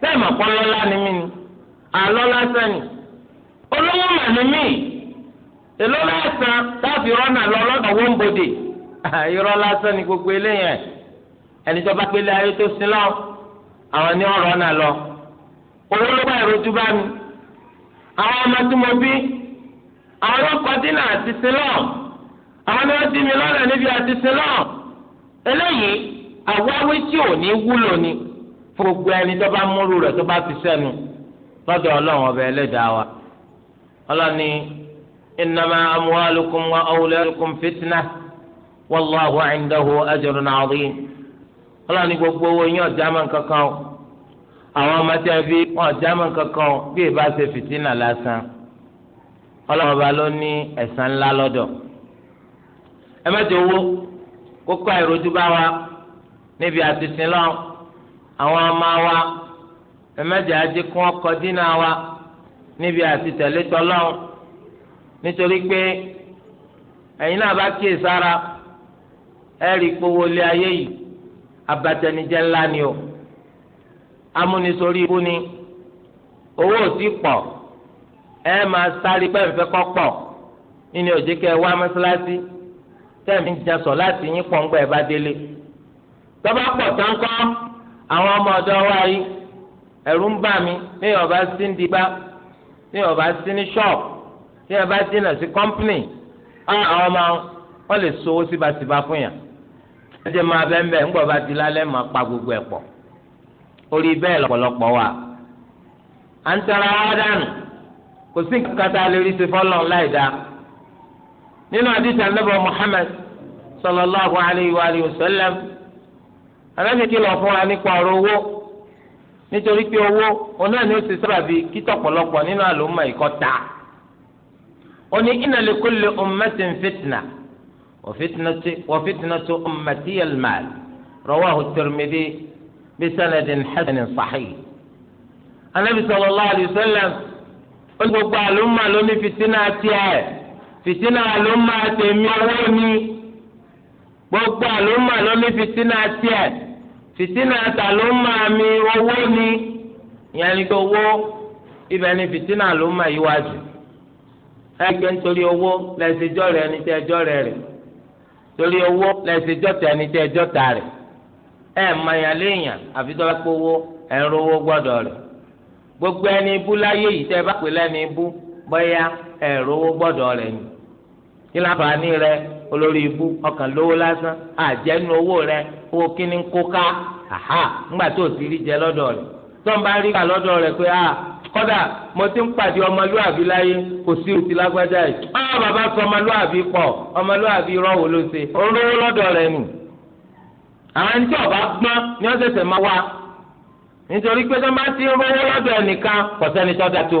bẹ́ẹ̀ kọ́ lọ́lá ni mí ni àlọ́ lásán olówó ní mi èló lásán táàfin rọ́nà lọ lọ́dọ̀ wọ́nbodè ah, irọ́ lásán ni gbogbo gbélé ayé tó ní lọ owó ló bá ìrojú bá mi ni wọ́n dí mi níbi àti sin lọ eléyìí àwáwí tí ò ní wúlò ni gbogbo tó bá fi wa. ọlọ́ni innama amwalukum wa awladukum fitna wallahu indahu ajrun azim ọlọ́ni gbogbo owó yín ọ̀já máa ń kankan o àwọn ọmọ tí a fi máa ń kankan o bí ìbá ṣe fìtínà lásán ọlọ́mọba ló ní ẹ̀san ńlá lọ́dọ̀ ẹ má jẹ owó kókó àìrójú bá wa níbi àtìsín lọ àwọn ọmọ wa ẹ má dínà wa. níbi àti tẹ̀lé tọ́lọ́run nítorí pé ẹ̀yin náà bá kíyè sára ẹ rí gbowó lé ayé yìí abatẹnijẹ ńlá ni o amúnisórí ikú ni owó ò sí pọ̀ ẹ máa sáré pẹ́ǹfẹ́ kọ́ pọ̀ nínú òjì kẹ́ ẹ wá mọ́sálásí tẹ́ẹ̀mí ń jasọ̀ láti yín pọ̀ ńgbà ẹ bá délé tọ́ba pọ̀ tán kọ́ àwọn ọmọ ọ̀dọ́ wa yìí ẹ̀rù ń bà mí ní ọ̀bá síndìbá tí yẹn bá sí ní ṣọ́ọ̀bù tí yẹn bá dínà sí kọ́mpìnì àwọn ọmọ wọn lè so owó síbáṣíbá fún yàn máa pa gbogbo ẹ̀ pọ̀ orí bẹ́ẹ̀ lọ́pọ̀lọpọ̀ wà à ń tara wá dànù kò sí kàtà lórí ti fọlọ láì dá nínú àdìsí Muhammad wa sallam anábìkí lọ fún wa nípa ọ̀rọ̀ owó. nítorí pé owó òun náà ni ó ti sábàbí kítọ̀ pọ̀lọpọ̀ nínú àlòmọ̀ ìkọ́ ta ó ní inna li kulli ummatin fitna wa fitnatu ummati al-mal rawahu at-Tirmidhi bi sanadin hasanin sahih anabi sallallahu alayhi wa sallam ó ní gbogbo àlòmọ̀ ló ní tiẹ̀ fitina àlòmọ̀ tèmi owó ni gbogbo àlòmọ̀ ló ní tiẹ̀. fìtínà ta ló máa mi owó ni ìyẹn ni pé owó ibẹ̀ ni fìtínà ló máa yí wá sí ẹgbẹ́ nítorí owó lẹ́sẹ̀jọ́ rẹ̀ ní tẹ́jọ́ rẹ̀ rẹ̀ torí owó ní ta rẹ̀ ẹ̀ mayàn léèyàn àfi tó bá gbogbo ẹni ibú láyé yìí tẹ́ bá pè lẹ́ni ibú bóyá ẹ̀ rówó ni kí olórí ibú ọkàn lówó lásán àjẹnu owó rẹ owó kíní kó ká àhá ńgbà tó ti rí jẹ lọ́dọ̀ rẹ̀ tọ́n bá rí pé a ah, mo ti ń pàdé ọmọlúwàbí láyé kò sí òtí lágbájá yìí ọ́ ah, bàbá sọ ló ṣe olówó nù àwọn tí ọba ni máa wá nítorí pé tó ti rówó ẹnìkan tó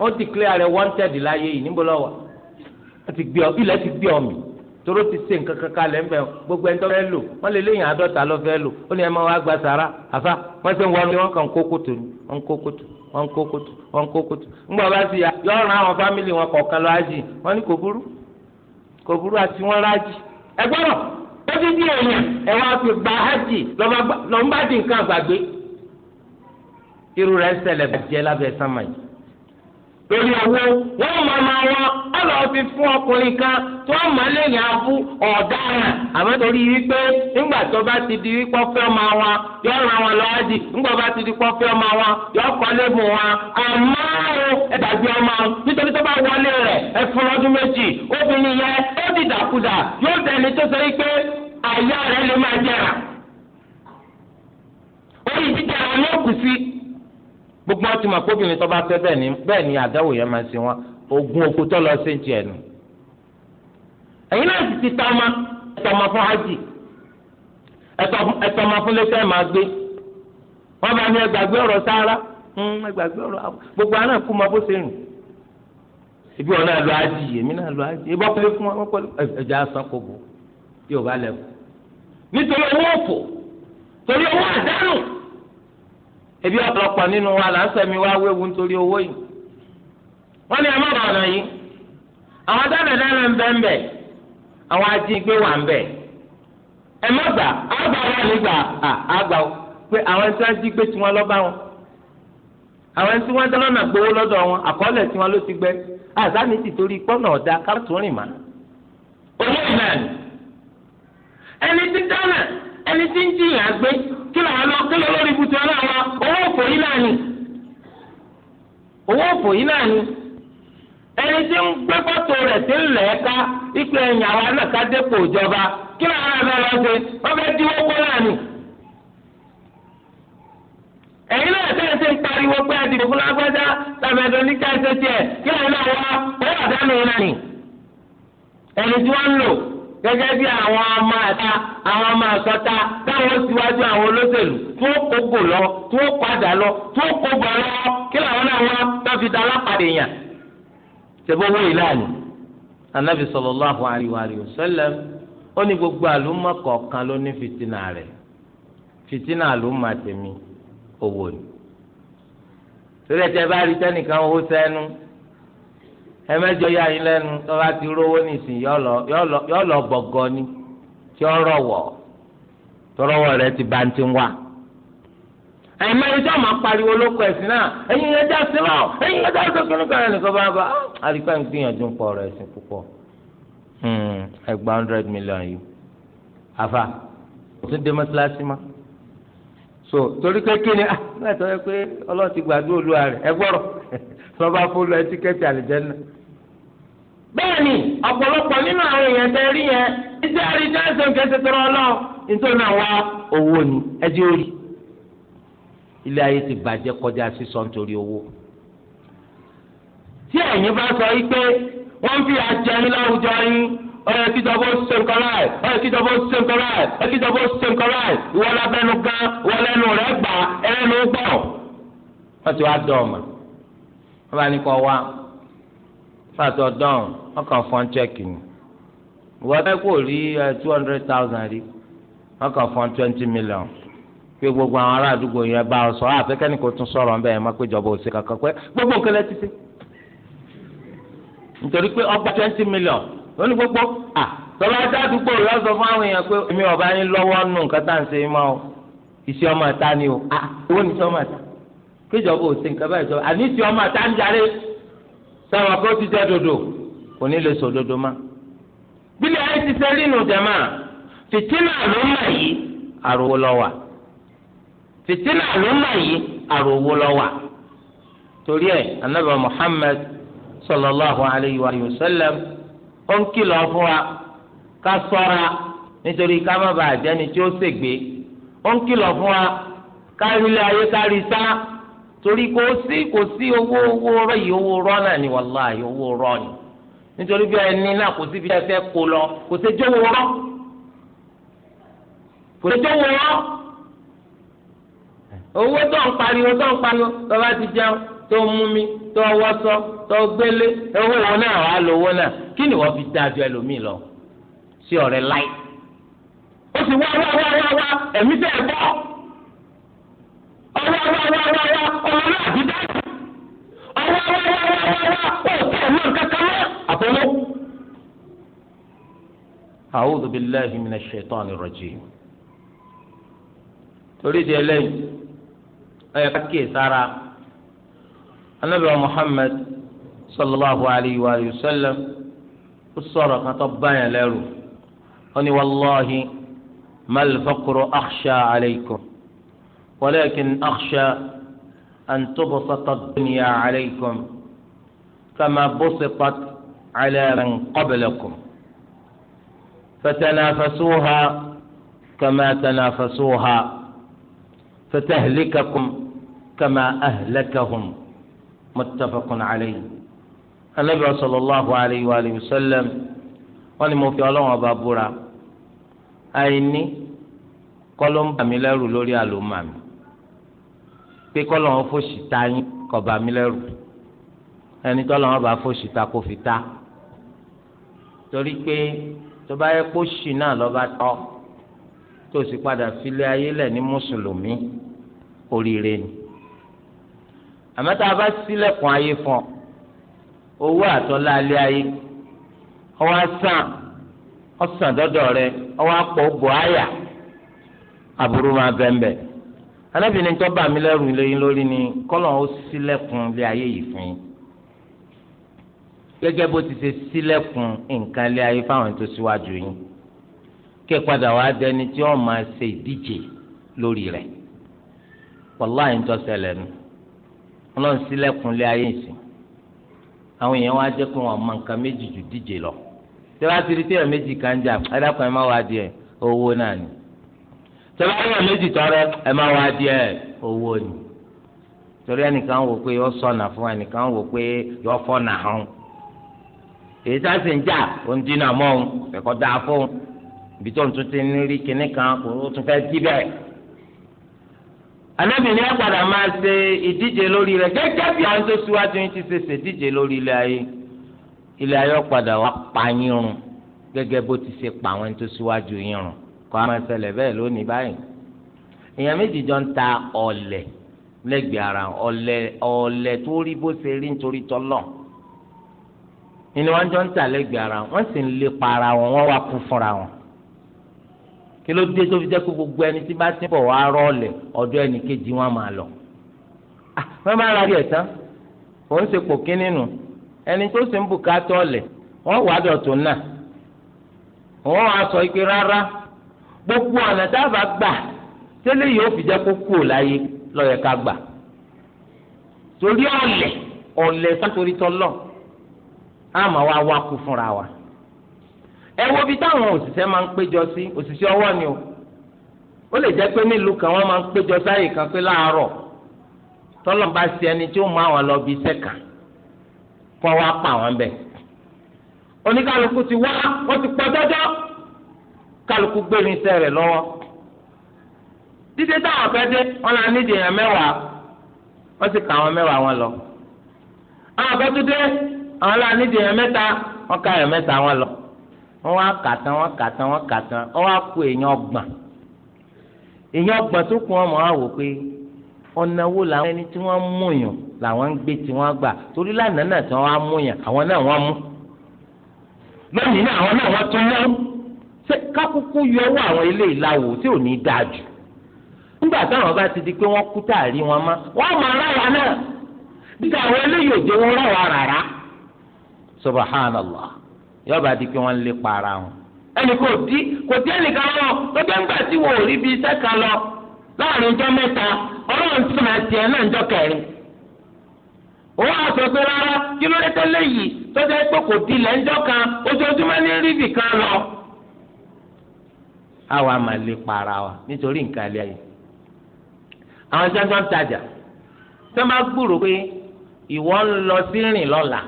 ó declare rẹ wanted láyé yìí níbo lọ́wọ́ ilẹ̀ ti gbé ọmọ toro ti se nǹkan kankan lẹ́ nbẹ̀ gbogbo ẹni tó fẹ́ lò wọ́n lè léyìn àádọ́ta lọ fẹ́ lò ó ní ẹ máa wá gba sàrà àfa wọ́n ti ń wọ́n kàn kó ni wọ́n kó wọ́n kó wọ́n kó ńgbà bá ti yà wọn kọ̀ọ̀kan lọ ájì wọ́n ní àti wọ́n rájì ẹ gbọ́dọ̀ ó ti di èèyàn ẹ wá fi gba ájì nǹkan àgbàgbé irú rẹ̀ lórí owó wọ́n mọ ọmọ wọn ọlọ́ọ̀ fi fún ọkùnrin kan tí wọ́n mọ lẹ́yìn abú ọ̀daràn àmọ́ torí wípé nígbà tó bá ti di wípé ọfẹ́ ọmọ wọn yọ ran wọn lọ́wọ́ di nígbà bá ti di ọfẹ́ ọmọ wọn yọ kọ́ wọn àmọ́ ẹ̀dàgbé ọmọ wọn nítorí tó bá wọlé rẹ̀ méjì obìnrin yẹn ó yóò tó sọ wípé àyà rẹ̀ gbogbo wọn ti mọ̀ tó bá fẹ́ bẹ́ẹ̀ ni bẹ́ẹ̀ ni àdáwò yẹn máa ń ṣe wọn ogun oko tó lọ sí ti ẹnu. ẹ̀yin náà sì ti ta ọmọ ẹ̀tọ́ ọmọ fún hajj ẹ̀tọ́ ọmọ fún lẹ́sẹ̀ máa gbé wọ́n bá ní ẹgbàgbé ọ̀rọ̀ sáárá hmm, ẹgbàgbé ọ̀rọ̀ gbogbo àná kú mọ bó ṣe rìn ibi wọn náà lọ hajj èmi náà lọ hajj ìbọn pẹ̀lú fún wọn pẹ̀lú ẹjẹ asán kò yóò bá lẹkọọ nítorí owó òfò torí owó àdánù ebi ọ̀pọ̀lọpọ̀ nínú wa là ń sẹ̀mí wa wéwu nítorí owó yìí wọ́n ní ẹ má bàa nà yìí àwọn dáradára ń bẹ ń bẹ àwọn ajínigbé wà ń bẹ ẹ má gbà àgbà wà nígbà àgbà pé àwọn tí wọ́n jí gbé tí wọ́n lọ bá wọn àwọn tí wọ́n dáná nà gbowó lọ́dọ̀ wọn àkọọ́lẹ̀ tí wọ́n ló ti gbẹ àzáni ti torí pọ́nà ọ̀dà kárùtùrìn mà owó ìmọ̀ ẹni tí dáná kí làwọn lọ kí lọ lórí ibùsùn owó òfò yìí náà ni owó òfò yìí náà ni ẹni tí ń gbé fọ́tò rẹ̀ tí ń lẹ̀ ẹ́ ká ẹ̀yìn àwa dépò ìjọba kí làwọn ará lọ ṣe wọ́n fẹ́ owó náà ni. ẹ̀yin náà tẹ́lẹ̀ ṣe ń pariwo pé fún ní gẹgẹ bí àwọn ọmọ ẹ̀ta àwọn ọmọ ẹ̀sọ́ta táwọn síwájú àwọn olóṣèlú tí kó gò lọ tí wọ́n kó lọ tí wọ́n kó gbọ̀ lọ kí làwọn náà wá tó fi da alápàdé yàn. ṣèbówó ìlànà anabi sallallahu alaihi wa sallam ó ní gbogbo àlùmọ kọ̀ọ̀kan ló ní fìtínà rẹ̀ fìtínà àlùmọ àtẹmí owó ni. torí ẹ̀ tẹ́ bá ẹ̀mẹ́jọ yá yín lẹ́nu tó bá ti rówó nísìnyí yọ lọ gbọ̀ngàn ni tí ó rọ̀wọ̀ tọrọwọ rẹ ti ba ti ń wá. ẹ̀mẹ́rin tí a máa pariwo lóko ẹ̀sìn náà ẹ̀yin ẹja sí lọ ẹ̀yin ẹja sí kí nìkan rẹ̀ nìkan bá bá àríkà ah, ń gbìyànjú ń pọ̀ ọ̀rọ̀ ẹ̀sìn púpọ̀ hmm, ẹgbàá hundred million yìí afa kò tún dé mọ́tíláṣí máa so torí kékeré ni ah náà tọ́ ẹ pé ọlọ́run ti gbàdúrà olúwa rẹ̀ ẹ gbọ́rọ̀ lọ́ba fún lọ ẹtíkẹ́tì àlìjẹ́ náà bẹ́ẹ̀ni ọ̀pọ̀lọpọ̀ nínú àwọn èèyàn tẹ rí yẹn iṣẹ́ àríjọ ẹsẹ nǹkan ti tọrọ Ọlọ́run nítorí náà wá owó ni ẹjẹ orí ilé ayé ti bàjẹ́ kọjá sísọ nítorí owó tí bá sọ yìí wọ́n fi àjẹ ní láwùjọ yín ọyọ kíjọba ó ṣe nǹkan láì ọ̀rẹ́ kíjọba ó ṣe nǹkan láì pàtó dán wọn kàn fọn chẹ́kì ni ìwọ́n fẹ́ kó rí two hundred thousand rí wọn kàn fọn twenty million pé gbogbo àwọn ará àdúgbò yẹn bá ọ sọ àfẹ́kẹ́ni ah, kò tún sọ̀rọ̀ ń bẹ̀ ẹ̀ má pé ìjọba òsè kankan pé gbogbo nǹkan lẹ́ ti ṣe nítorí pé ọgbà twenty million ó ní gbogbo à tọ́lá ajá àdúgbò rẹ̀ sọ fún àwọn èèyàn pé èmi ọ̀bá yín lọ́wọ́ nù nǹkan tá à ń ṣe mọ́ o iṣẹ́ ọmọ ta ni o à owó ni iṣẹ́ ọmọ ta kéjọba òsè nǹkan báyìí sọ àní iṣẹ́ ọmọ ta ń jarí sáwọn akọ́ ti dodo kò ní lè dodo ma. bílẹ̀ ayé ti sẹ́rí nù jàmá fìtínà ló mà yìí àròwó lọ́wà fìtínà ló mà yìí Muhammad sallallahu alayhi wa sallam ó ń kìlọ̀ fún wa ká sọ́ra nítorí ká má bàa jẹ́ni tí ó ṣègbè ó ń kìlọ̀ torí kò sí kò sí owó owó rọ yìí owó rọ náà ni wàláhì owó rọ ni nítorí bí ẹni náà kò ẹ ẹfẹ kó lọ kò sí jówó rọ kò sí jówó rọ owó tó ń pariwo tó ń pariwo tó bá ti jẹun tó mú mi tó wọṣọ tó gbélé owó owó náà wà lówó náà kí ni wọ́n fi dájọ́ ẹlòmíì lọ sí ọ̀rẹ́ láì ó sì wá wá wá wá ẹ̀mí tẹ̀ bọ́. أعوذ بالله من الشيطان الرجيم أريد إليه أي فكي سارة النبي محمد صلى الله عليه وآله وسلم الصورة طبعاً له أني والله ما الفقر أخشى عليكم ولكن أخشى أن تبسط الدنيا عليكم كما بسطت على من قبلكم فتنافسوها كما تنافسوها فتهلككم كما أهلكهم متفق عليه النبي صلى الله عليه وآله وسلم wọ́n ní mo fi ọlọ́run ọba búra àìní kọ́ ló ń bà mí lẹ́rù lórí àlòmà mi leru lori mi pé kọ́lọ̀ wọn fòṣì ta yín kọba mi lẹ́rù ẹni tọ́lọ̀ wọn bá fòṣì ta kó fi ta torí pé tó bá yẹ kó ṣì náà lọ́ba tọ́ tó sì padà filé ayé lẹ̀ ní mùsùlùmí oríire ni àmọ́ tá a bá ṣílẹ̀kùn ayé fún ọ owó àtọ́lá alẹ́ ayé ọwọ́ sàn ọ̀sán dọ́dọ̀ rẹ ọwọ́ àpò bọ̀ àyà àbúrò máa bẹ́ẹ̀ bẹ́ẹ̀ anábìnrin tó bà mí lẹ́rù lẹ́yìn lórí ni kọ́lọ̀ ó ṣílẹ̀kùn ilé ayé yìí fún yín gẹ́gẹ́ bó ti ṣe ṣílẹ̀kùn nǹkan ilé ayé fáwọn tó síwájú yín kí ẹ padà wá dẹni tí ó máa ṣe ìdíje lórí rẹ̀ wàláhì ń tọ́sẹ̀lẹ̀ nu ọlọ́run ṣílẹ̀kùn ilé ayé ìsìn àwọn èèyàn wá jẹ́ pé wọ́n mọ nǹkan méjì jù díje lọ tí wọ́n ti rí tí èèyàn méjì kan jà ẹ dákun ẹ wá di ẹ owó náà ni tẹ́lá yẹn méjì tọrẹ ẹ máa wá owó ni torí ẹnìkan wò pé yọ sọnà fún ẹnìkan wò pé yọ fọnà hàn èyí tá a sì ń jà mọ́ ẹ̀kọ́ dáa fún ibi tó ń tún ti rí kinní kan kò tún fẹ́ jí bẹ́ẹ̀. anábìnrin máa ṣe ìdíje lórí bí àwọn tó síwájú ti ṣe ṣèdíje lórí ilé ayé ilé ayé wa pa yín bó kọ́ àmọ́ ẹsẹ̀lẹ̀ bẹ́ẹ̀ lónìí báyìí èèyàn méjì jọ ń ta ọ̀lẹ̀ lẹ́gbẹ̀ẹ́ ara ọ̀lẹ̀ ọ̀lẹ̀ tó rí bó ṣe rí nítorí tọ́lọ̀ ni wọ́n jọ ń ta lẹ́gbẹ̀ẹ́ ara wọ́n sì ń lépa ara wọn wọ́n wá kú fúnra wọn kí ló dé tó fi jẹ́ kó gbogbo ẹni tí bá ti bọ̀ wá rọ́ọ̀lẹ̀ ọ̀dọ̀ ẹnì kejì wọn máa lọ ah, wọ́n bá ra díẹ̀ tán òun ṣe pò kí nínú ẹni tó sì ń bùkátà ọ̀lẹ̀ wọ́n wàá dọ̀tún náà wọ́n wàá sọ ike rárá gbogbo ọ̀nà tá a bá gbà tẹ́lẹ̀ yóò fi jẹ́ kó kú ò láyé lọ́yẹ ká gbà torí ọ̀lẹ̀ ọ̀lẹ̀ sátorí tọ́lọ̀ àmọ́ wa wá kú fúnra wa ẹ wo bí táwọn òṣìṣẹ́ máa ń péjọ sí òṣìṣẹ́ ọwọ́ ni o ó lè jẹ́ pé nílùú kan wọ́n máa ń péjọ sáyè kan pé láàárọ̀ tọ́lọ̀ bá ṣe ẹni tí ó mú àwọn lọ bí iṣẹ́ kan kọ́ wá pa àwọn bẹ́ẹ̀ oníkàlùkù ti wá wọ́n ti pọ̀ dọ́dọ́ kálukú gbẹ̀rù iṣẹ́ rẹ̀ lọ́wọ́ dídé táwọn fẹ́ dé wọn là nídìí èèyàn mẹ́wàá wọ́n sì kà àwọn mẹ́wàá wọn lọ àwọn fẹ́ tó dé àwọn là nídìí èèyàn mẹ́ta wọ́n ká èèyàn mẹ́ta wọn lọ wọ́n wá kà tán wọ́n kà tán wọ́n kà tán wọ́n wá kó èèyàn ọgbọ̀n èèyàn ọgbọ̀n tó kún ọmọ wa wò pé ọ̀nà wo làwọn ẹni tí wọ́n mú yàn làwọn ń gbé tí wọ́n gbà torí lánàá náà tí wọ́n wá mú yàn àwọn náà wọ́n mú lónìí náà àwọn náà wọ́n tún mú ṣé kákúkú yọ owó àwọn ilé ìlàwò tí ò ní dáa jù nígbà táwọn bá ti di pé ma kú wọn mọ́ wọ́n máa ráwa náà nígbà àwọn eléyìí ò wọn ráwa rárá yọba di pé lè wọn ẹnì kò dí kò dí ẹnìkan lọ tó dé tí rí bíi kan lọ láàrin tún máa náà ń òun pé rárá kí ló dé yìí tó dé pé kò kan ní rí lọ. àwọn ama le para wa nítorí nǹkan ilé ayé àwọn tí wọn tajà tí pe bá gbúrò pé ìwọ ń lọ sí rìn lọ́la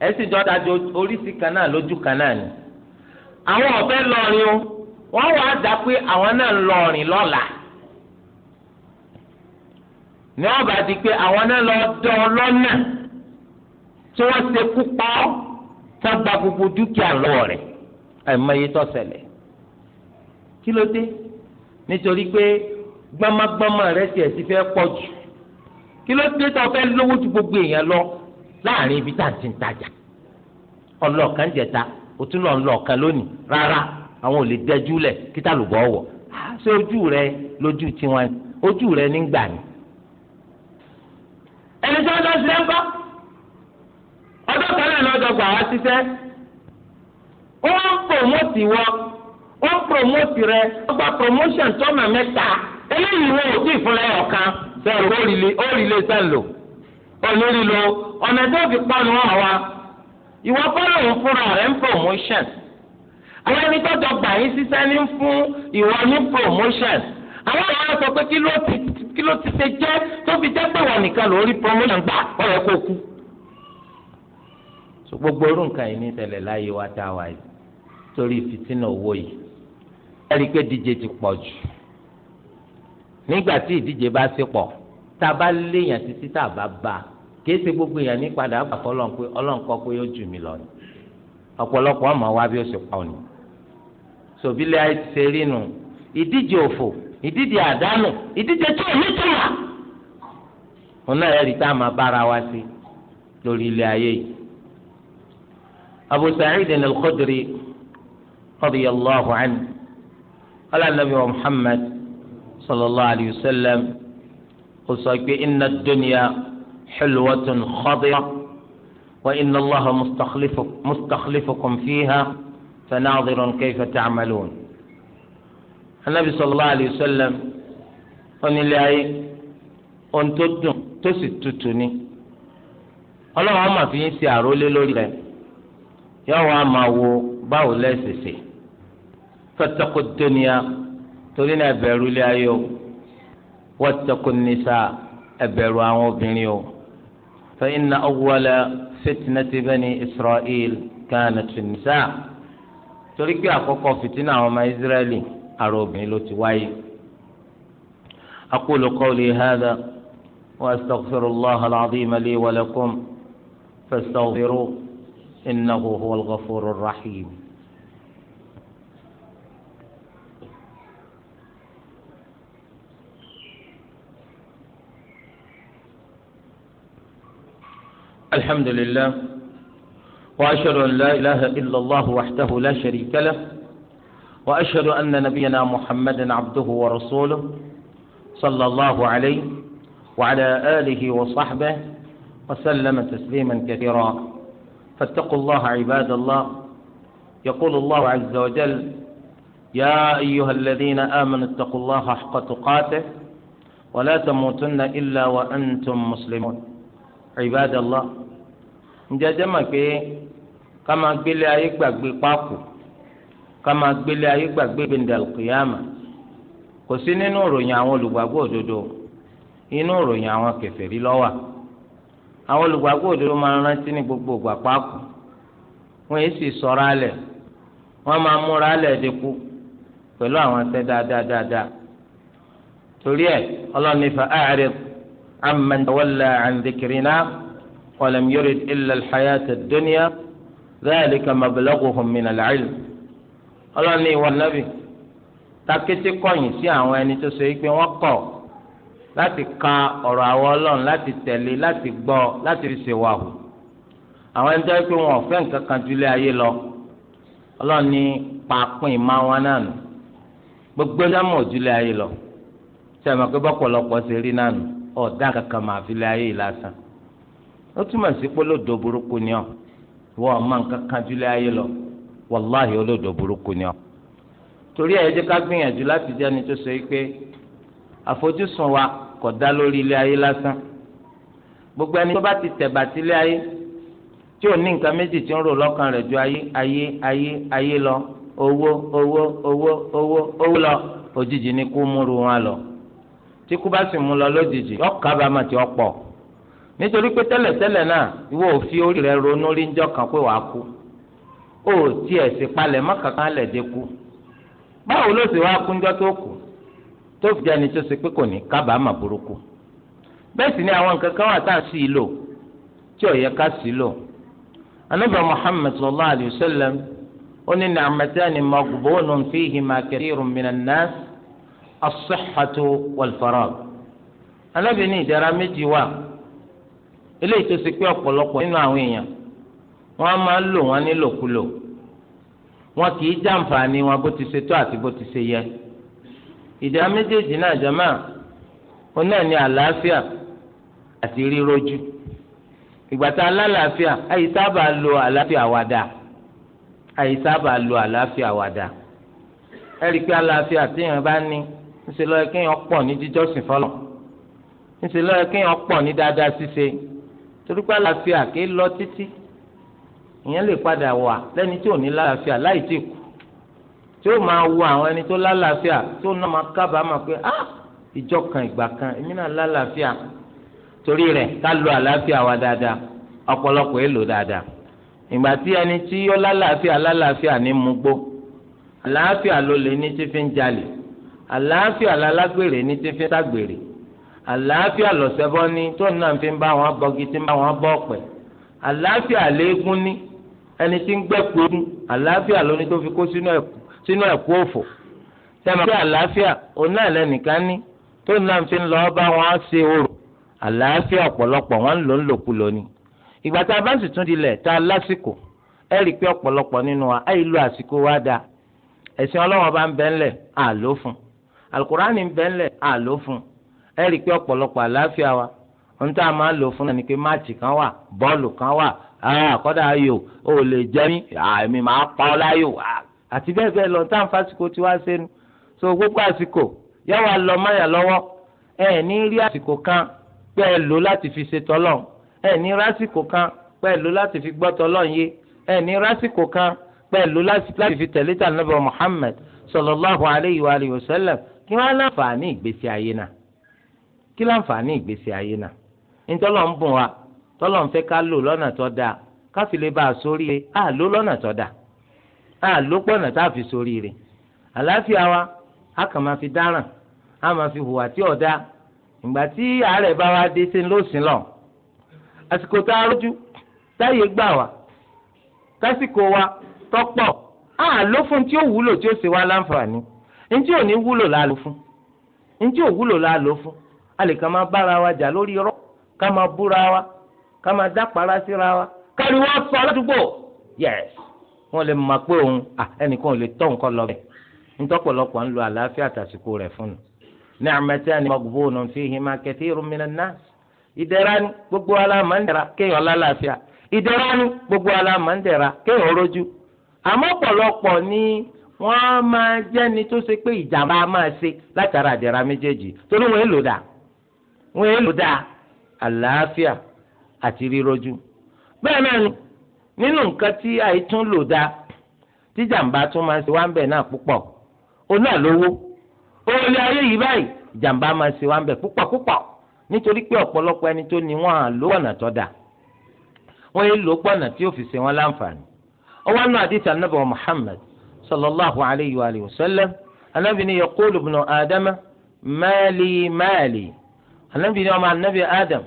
kana sì jọ oríṣi kan náà lójú kan náà ni àwọn ọ̀fẹ́ lọ́ọ̀rin o wọ́n wàá dà pé àwọn náà ń lọ́ọ̀rin lọ́la ní ọba di pé àwọn náà lọ dán ọ lọ́nà tí wọ́n ṣekú pa ọ́ gba gbogbo dúkìá lọ́wọ́ rẹ̀ ẹ̀ mọ iye tó ṣẹlẹ̀ kí ló dé nítorí pé gbámágbámá rẹ tiẹ̀ ti fẹ́ pọ̀ jù kí ló dé tó fẹ́ lówó ju gbogbo èèyàn lọ láàrin ibi tá à ń ti ń tajà ọlọ́ọ̀kan jẹta òtún lọ́ọ̀ lọ́ọ̀kan lónìí rárá àwọn ò lè dẹjú lẹ̀ kí tá lùbọ̀ wọ̀ ṣé ojú rẹ lójú tiwọn ojú rẹ nígbà ni. ẹni tí wọ́n lọ sílẹ̀ ń kọ́ ọdún kan náà lọ́dọ̀ gbà wá síṣẹ́ ó ń pò mọ́tì wọ́n promote rẹ wọ́n promotion tọ́mà mẹta eléyìí wo òbí ìfúnra ẹ̀ ọ̀kan sẹ́yìn orílẹ̀ orílẹ̀ sẹ́yìn olórí lo ọ̀nà tó fi pọ́nù wọn wá ìwọ fúnra ń promotion àwọn ẹni tó jọ gbà yín ní fún ìwọ ní promotion àwọn àwọn sọ pé kí ló ti promotion gbà kú. gbogbo yìí ní láyé torí fìtínà owó yìí ẹ̀rí pé díje ti pọ̀ jù nígbà tí ìdíje bá sí pọ̀ tá a bá léèyàn títí tá a bá bá a kìí ṣe gbogbo èèyàn ní padà àgbà fọlọ́n pé ọlọ́run kọ́ pé ó jù mí lọ ni ọ̀pọ̀lọpọ̀ ọmọ wa bí ó ṣe pa òní sòbílẹ̀ ṣe rí nu ìdíje òfò ìdíje àdánù ìdíje tó nítumọ̀ òun náà ẹ̀rí tá a máa bára wa sí lórí ilé ayé yìí Abu Sa'id al-Khudri radiyallahu anhu. قال النبي محمد صلى الله عليه وسلم قل إن الدنيا حلوة خضرة وإن الله مستخلفك مستخلفكم فيها فناظر كيف تعملون النبي صلى الله عليه وسلم قال لي أن تدن تستتني ọlọ́run ما في ń ṣe àrólé يا rẹ̀ yọ̀wọ́ àmà wo fattaqu dunya torí náà ẹ̀bẹ̀rù ilé ayé o wattaqu nisa ẹ̀bẹ̀rù àwọn obìnrin o fa inna awwala fitnati bani israel kanat fi nisa torí pé àkọ́kọ́ fìtínà àwọn ọmọ israẹli ara obìnrin ló ti wáyé. أقول قولي هذا وأستغفر الله العظيم لي ولكم فاستغفروه إنه هو الغفور الرحيم الحمد لله واشهد ان لا اله الا الله وحده لا شريك له واشهد ان نبينا محمدا عبده ورسوله صلى الله عليه وعلى اله وصحبه وسلم تسليما كثيرا فاتقوا الله عباد الله يقول الله عز وجل يا ايها الذين امنوا اتقوا الله حق تقاته ولا تموتن الا وانتم مسلمون Ibadallah ǹjẹ́ jẹ́ mà pé ká máa gbélé ayé gbàgbé pákó ká máa gbélé ayé gbàgbé bindal qiyama kò sí nínú ìròyìn àwọn olùgbàgbọ́ òdodo inú ìròyìn àwọn kèfèrí ló àwọn òdodo máa gbogbo pákó yìí sì máa múra alẹ dínkù àwọn dáadáa عمن تولى عن ذكرنا ولم يرد إلا الحياة الدنيا ذلك مبلغهم من العلم ọlọ́run ní ìwọ nàbì takété kọ̀yìn sí àwọn ẹni tó so pé wọ́n kọ̀ láti ka ọ̀rọ̀ àwọn ọlọ́run láti tẹ̀lé láti gbọ́ láti fi ṣèwàhù àwọn ẹni tó yẹ wọn ò fẹ́ nǹkan ayé lọ ọlọ́run ní paapin ìmọ̀ wọn náà gbogbo ẹ̀dá mọ̀ ayé lọ sẹ́mi pé bọ́pọ̀lọpọ̀ ṣe rí ọ̀dàn kankan máa fi lé ayé yìí lásán ó túmọ̀ sí pé olódò burúkú ni ọ wọ́n ọ̀ máa ń kankan ju lé ayé lọ wàláhì olódò burúkú ni ọ. torí ẹ̀ jẹ́ ká gbìyànjú láti jẹ́ ẹni tó sọ yìí pé àfojúsùn wa kò dá lórí ilé ayé lásán gbogbo ẹni tó bá ti tẹ̀bà sí ilé ayé tí ò ní nǹkan méjì tí ń rò lọ́kàn rẹ̀ ju ayé ayé ayé ayé lọ owó owó owó owó owó lọ òjijì ni kú múru wọn lọ. tí kú bá sì mú lọ lójijì yọ kábàámà tí ó pọ̀ nítorí pé tẹ́lẹ̀tẹ́lẹ̀ náà ìwọ ò orí rẹ ronú rí njọ́ kan pé wàá kú ó tiẹ̀ sì palẹ̀ mọ́ kankan lẹ̀ dé kú báwo ló sì kú njọ́ tó kù tó fi jẹ́ni tó ṣe pé kò ní burúkú bẹ́ẹ̀ sì ni àwọn nǹkan kan wà tá a sì lò tí ò yẹ ká sì lò sallallahu alayhi asihatu walfarag alábìíní ìdára méjì wà eléyìí tó ṣe pé ọ̀pọ̀lọpọ̀ nínú àwọn èèyàn wọ́n máa ń lò wọ́n nílòkulò wọn kì í jàǹfààní wọn bó ti ṣe tó àti bó ti ṣe yẹ ìdára méjèèjì náà jàmá òun náà ní àlàáfíà àti rírojú ìgbà tá a lálàáfíà àyè sábà lo àlàáfíà wa dáa àyè sábà lo àlàáfíà wa dáa ẹ rí i pé àlàáfíà téèyàn bá ní ńṣe ló yẹ kéèyàn pọ̀ ní jíjọ́sìn fọlọ́ ńṣe ló yẹ kéèyàn pọ̀ ní dáadáa ṣíṣe torí pé àlàáfíà kì í lọ títí ìyẹn lè padà wà lẹ́ni tí ò ní lálàáfíà láì tí kù tí ó máa wo àwọn ẹni tó lálàáfíà tó náà máa kábàámọ̀ pé ah ìjọ kan ìgbà kan èmi náà lálàáfíà torí rẹ̀ ká lo àlàáfíà wa dáadáa ọ̀pọ̀lọpọ̀ èèlò dáadáa ìgbà tí ẹni tí yọ lálàáfíà lálàáfíà ní mugbó àlàáfíà ló lè ní tí fi ń jalè àlàáfíà lálágbèrè ní tí fi ń ságbèrè àlàáfíà lọ̀sẹ̀bọ́ ní tó náà fi ń bá wọn bọ́gi tí ń bá wọn bọ́ ọ̀pẹ̀ àlàáfíà léegun ní ẹni tí ń gbẹ́kú egun àlàáfíà lóní tó fi kó sínú ẹ̀kú òfò sẹ́mi pé àlàáfíà òun náà lẹ́nìkan ní tó náà fi ń lọ bá wọn ṣe orò àlàáfíà ọ̀pọ̀lọpọ̀ wọn ń lò ń lòkú lónìí ìgbà tá a bá sì tún dilẹ̀ tá a lásìkò ẹ rí i pé ọ̀pọ̀lọpọ̀ nínú wa á ìlú àsìkò wa dáa ẹ̀sìn ọlọ́wọ́n bá ń bẹ́ńlẹ̀ àlò fún un alukurani ń bẹ́ńlẹ̀ à ló fún ẹ pé ọ̀pọ̀lọpọ̀ àlàáfíà wa ohun tá a máa lò fún ni pé máàcì kan wà bọ́ọ̀lù kan wà àkọ́dà ayò ò lè jẹ́ mi àmì máa pa ọ́ láyò àti bẹ́ẹ̀ bẹ́ẹ̀ lọ tá à ń fásikò sẹ́nu so gbogbo àsìkò yóò wá lọ mọ́yà lọ́wọ́ ẹ ní rí àsìkò kan pé ẹ lò láti fi ṣe tọ́lọ́hún ẹ ní rásìkò kan pé ẹ lò láti fi gbọ́ tọ́lọ́hún yé ẹ ní rásìkò kan pé ẹ lò láti fi tẹ̀lé tà Muhammad sallallahu alayhi wa kí wọ́n láǹfààní ìgbésí ayé náà kí láǹfààní ìgbésí ayé náà ntọ́lọ̀ ń bùn wa tọ́lọ̀ ń fẹ́ ká lò lọ́nà tó dáa ká fi lè bá a sórí rẹ̀ á lò lọ́nà tó dáa á fi sórí wa a kàn máa fi dáràn a máa fi hùwà tí ọ̀dá ìgbà tí àárẹ̀ bá wa dé sí ntí ò ní wúlò la lò fún ntí ò la lò fún wa jà lórí irọ́ ká máa búra wa ká máa dápara síra wa kárí wá sọ ládùúgbò yẹs wọn lè máa pé òun ẹnìkan ò lè tọ́ nǹkan lọ bẹ̀ ntọ́pọ̀lọpọ̀ ń lo àlàáfíà fún un ní fi hin máa náà ni gbogbo ala máa ń dẹ̀ra kéèyàn lálàáfíà ni wọ́n á máa jẹ́ni tó ṣe pé ìjàmbá á máa ṣe látara àdẹ̀ra méjèèjì torí wọ́n èlò dà wọ́n èlò dà àlàáfíà àti rírojú bẹ́ẹ̀ náà ni nínú nǹkan tí àìtún lò dá tí jàǹbá tún máa ṣe wá ń bẹ̀ náà púpọ̀ òun náà lówó orí ayé yìí báyìí jàǹbá máa ṣe wá ń bẹ̀ púpọ̀ púpọ̀ nítorí pé ọ̀pọ̀lọpọ̀ ẹni tó ní wọ́n á lò ọ̀nà tó dà wọ́n yé pọ̀nà tí ó fi ṣe wọ́n láǹfààní sallallahu alayhi wa sallam anabi ni yaqulu ibnu adama maali maali anabi ni ọmọ anabi adam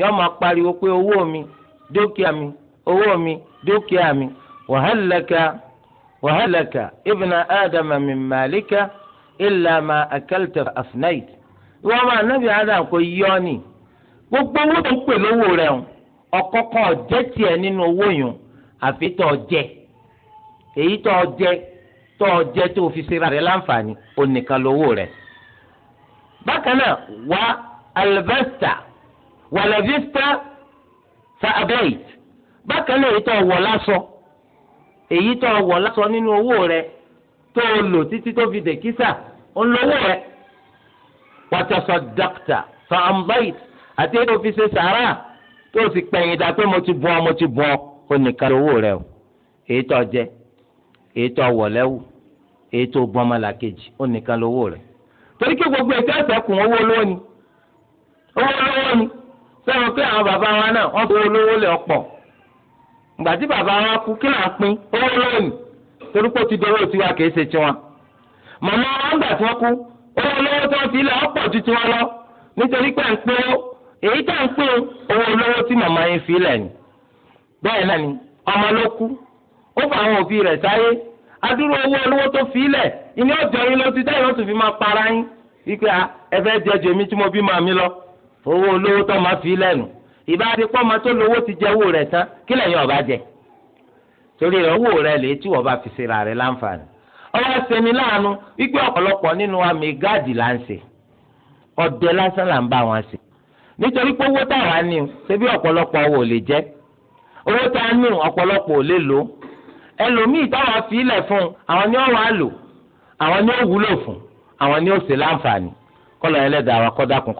yóò máa pariwo pé owó mi dúkìá mi owó mi dúkìá mi wahalaka wahalaka ibna adama min malika illa ma akalta afnait ìwọ ọmọ anabi adam kò yọ ni gbogbo owó tó ń pè lówó rẹ o ọkọkọ ọjẹ tiẹ̀ nínú owó yẹn àfi tó jẹ èyí tó jẹ tó o jẹ tó o fi ṣe ra rẹ láǹfààní o nìkan lówó rẹ. bákan náà wá alvesta wàlẹ́vista sa'abeit bákan náà èyí tó o wọ̀ lásọ èyí tó o wọ̀ lásọ nínú owó rẹ tó o lò títí tó fi dèkísà o lówó rẹ. wàtàṣọ dọ́kítà sa'ambait àti èyí tó o fi ṣe sàárà tó o sì pẹ̀yìn dà pé mo ti bọ́ mo ti bọ́ o nìkan lówó rẹ o èyí tó o jẹ èyí tó wọ̀ lẹ́wù èyí tó bọ́ ọmọlàkejì ó nìkan lówó rẹ̀ torí pé gbogbo ètò ẹ̀sẹ̀kùn owó lówó ni owó lówó ni sẹ́wọ̀n pé àwọn bàbá wa náà wọ́n fi olówó lẹ̀ ọ̀pọ̀ ìgbà tí bàbá wa kú kí là ń pín owó lówó ni torí pé ó ti dọwọ́ tiwa kìí ṣe tiwọn màmá wa ń gbà tí wọ́n kú owó lówó tí wọ́n fi lẹ̀ ọ̀pọ̀ ju tiwọn lọ nítorí pé ń pé èyí tá ń pín owó lówó tí màmá yín fi lẹ̀ ni bẹ́ẹ̀ náà ni ọmọ ló kú ó fa àwọn òbí rẹ̀ sáyé adúrú owó olówó tó fi ilẹ̀ ìní ọ̀jọ̀ yín lọ sí táyì lọ́sùn fi máa para yín wípé ẹ fẹ́ jẹ jèmi tí mo bí màá mi lọ owó olówó tó máa fi ilẹ̀ nù ìbá ti pọ́ ọmọ tó lówó ti jẹ owó rẹ̀ tán kí lẹ́yìn ọba jẹ torí rẹ̀ owó rẹ̀ lè tí wọ́n fi ṣera rẹ̀ láǹfààní ọwọ́ ṣeni láàánú wípé ọ̀pọ̀lọpọ̀ nínú àmì gáàdì là ń ṣe ọ̀dẹ lásán là ń bá wọn ṣe nítorí pé owó táwa ní o ṣebí ọ̀pọ̀lọpọ̀ owó lè jẹ́ owó tá ní ọ̀pọ̀lọpọ̀ ò lè lò ó ẹlòmíì táwọn fi ilẹ̀ fún àwọn ni ó wà lò àwọn ni ó wúlò fún àwọn ni ó ṣe láǹfààní kọlọ ẹlẹ́dàá wa kọ́dákun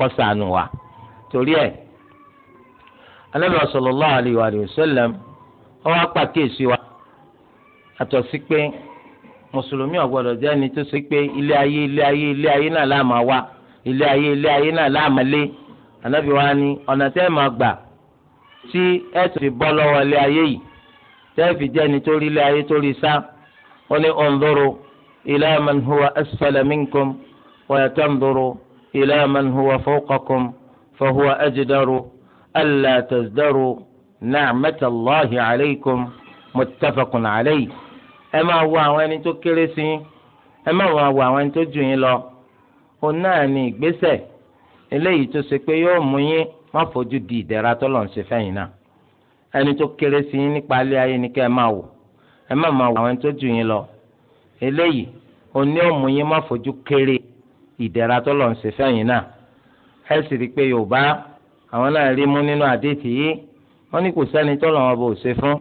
wa torí ẹ̀ Ànábì sallallahu wa sallam ọwọ́ apàkíyèsí wa àtọ̀ sí pé mùsùlùmí ọ̀gbọ́dọ̀ jẹ́ ẹni tó ṣe pé ilé ayé ilé ayé ilé ayé náà láà ile wá ilé ayé ilé ayé náà lé wa ni ọ̀nà tẹ́ ẹ máa gbà tí ẹ ti bọ́ lọ́wọ́ ilé ayé tẹ́ẹ̀fì jẹ́ ni torí ilé ayé torí sá wọ́n ní ọ̀nzọ́rọ̀ ila man huwa asfala minkum wa yatanzuru ila man huwa fawqakum fa huwa ajdaru alla tazdaru ni'matallahi alaykum muttafaqun alayhi ẹ máa wo àwọn ẹni tó kéré sí yín ẹ máa wo àwọn ẹni tó jù yín lọ òun náà ní ìgbésẹ̀ eléyìí tó ṣe pé yóò mú yín má fojú di ìdẹ̀ra tó lọ́n ṣe fẹ́yìn náà ẹni tó kéré sí yín nípa ilé ayé ni kẹ́ ẹ máa wò ẹ má máa wò àwọn tó jù yín lọ eléyìí oní ọ̀mù yín má fojú kéré ìdẹ̀ra tó lọ́n ṣe fẹ́yìn náà ẹ sì rí i pé yorùbá àwọn náà rí mú nínú àdéhìí yìí wọ́n ní kò sẹ́ni tó lọ́wọ́ bò ṣe fún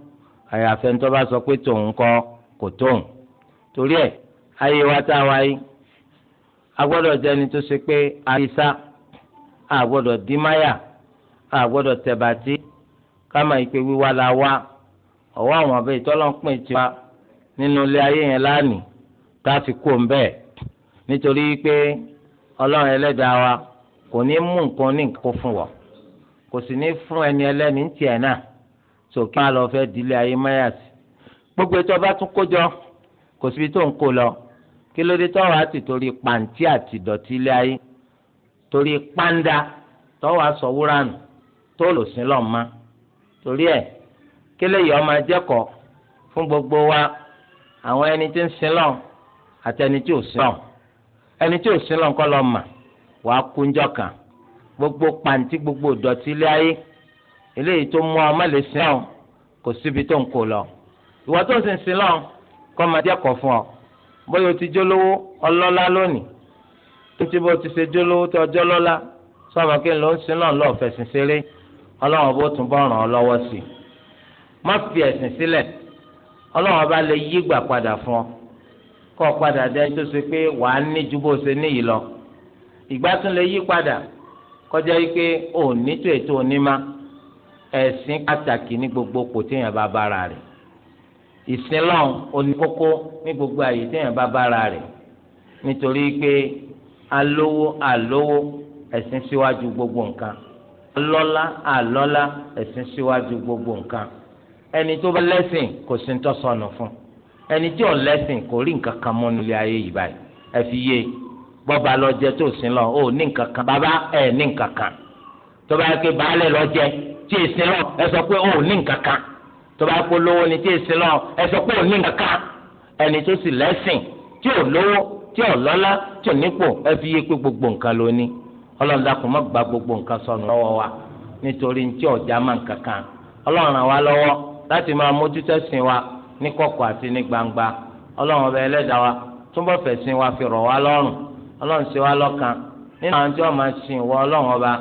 àyàfẹ́ tó bá sọ pé tòun kọ́ kò tóun torí ẹ̀ ayé wa tá a wáyé a gbọ́dọ̀ jẹ́ni tó ṣe pé àyíṣá a gbọ́dọ̀ dímáyà a gbọ́dọ̀ tẹ̀bàtì káma ìpè wíwá la wá ọwọ́ àwọn ọ̀bẹ ìtọ́lọ́ ń pín tiwa nínú ilé ayé yẹn lánìí tá a fi kó ń bẹ́ẹ̀ nítorí pé ọlọ́run ẹlẹ́dàá wa kò ní mú nǹkan ní nǹkan fún wọ kò sì ní fún ẹni ẹlẹ́ni ń tiẹ̀ náà sòkè máa lọ fẹ́ dilé ayé máyà sí gbogbo ètò ọba tún kójọ kò síbi tó ń kó lọ kí ló dé tọ́wọ́ àti torí pàǹtí àti ìdọ̀tí ilé ayé torí pàǹdà tọ́wọ́ àsọ̀wúrà tó lò sí lọ́ọ̀ máa torí ẹ̀ kílẹ̀ yìí ọmọ ajẹ́kọ̀ọ́ fún gbogbo wa àwọn ẹni tí ń sin lọ àti ẹni tí ò sin lọ ẹni tí ò sin lọ kọ́ lọ mà wàá kúnjọ kan gbogbo pàǹtí gbogbo ìdọ̀tí ilé ayé eléyìí tó mú ọmọ lè sin lọ kò síbi tó ń kó lọ ìwọ tó ń sin sin kọ́ ọmọ ajẹ́kọ̀ọ́ fún ọ bóyá o ti jólówó ọlọ́lá lónìí tó ti bó ti ṣe jólówó tó ọjọ́ lọ́lá sọ ọlọ́run bó tún bọ́ ràn ọ́ lọ́wọ́ sí i má fi ẹ̀sìn sílẹ̀ ọlọ́run bá lè yí gbà padà fún ọ kọ́ padà dẹ́ tó ṣe pé wàá ní ju bó ṣe níyì lọ ìgbà tún lè yí padà kọjá yìí pé ò ní tó ètò onímá ẹ̀sìn pàtàkì ní gbogbo kò téèyàn bá bára rẹ̀ ìsinlọ́n oníkókó ní gbogbo àyè téèyàn bá bára rẹ̀ nítorí pé alówó alówó ẹ̀sìn síwájú gbogbo nǹkan lọ́lá àlọ́lá ẹ̀sìn síwájú gbogbo nǹkan ẹni tó bá lẹ́sìn kò sí ń tọ́sọ̀nù fún ẹni tí ò lẹ́sìn kò rí nǹkan kan mọ́ nílé ayé yìí báyìí ẹ fi yé bọ́ba lọ́jẹ tó sin lọ ò ní nǹkan kan bàbá ẹ̀ ní nǹkan kan tó bá yẹ kí baálẹ̀ lọ́jẹ tí èsì lọ ẹ sọ pé ò ní nǹkan kan tó bá kó lówó ni tí èsì lọ ẹ sọ pé ò ní nǹkan kan ẹni tó sì lẹ́sìn tí ò lówó tí ò lọ́lá tí ò nípò ẹ fi yé pé gbogbo nǹkan ló ọlọ́run dákun má gba gbogbo nǹkan sọnù lọ́wọ́ wa nítorí ntí ọ̀já máa ń kankan ọlọ́run ràn wá lọ́wọ́ láti máa mójútó sìn wa ní kọ̀kọ̀ àti ní gbangba ọlọ́run ọba ẹlẹ́dàá wa túbọ̀ fẹ̀sìn wa fi rọ̀ wá lọ́rùn ọlọ́run ṣe wá lọ́kan nínú àwọn tí wọ́n máa sìn wọ ọlọ́run ọba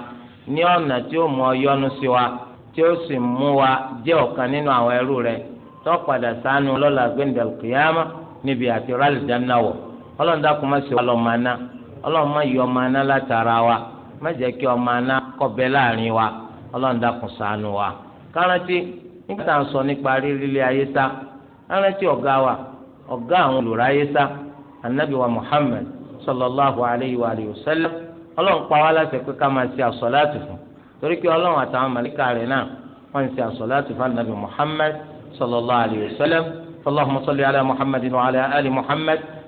ní ọ̀nà tí ó mú ọ yọ́nú sí wa tí ó sì mú wa jẹ́ ọ̀kan nínú àwọn ẹrú rẹ̀ tó padà sánú lọ́la gbẹ̀ndẹ̀lùkìyàmá níbi àti rálì ọlọ́run dákun má ṣe wá lọ́ọ́ máa ná ọlọ́run má yọ ọmọ aná látara wa má jẹ́ kí ọmọ aná kọ́bẹ láàrin wa ọlọ́run dákun ṣàánú wa kárántì nígbà tá à ń sọ nípa rírílé ayé sá kárántì ọ̀gá wa ọ̀gá àwọn olùráyé sá anabi wa muhammed sallallahu alayhi wa alihi wa sallam ọlọ́run pa wá láti pé ká máa ṣe àsọ̀láàtì fún torí pé ọlọ́run àtàwọn màlíkà rẹ̀ náà wọ́n ń ṣe àsọ̀láàtì fún anabi muhammed sallallahu alayhi wa sallam fọlọ́hùn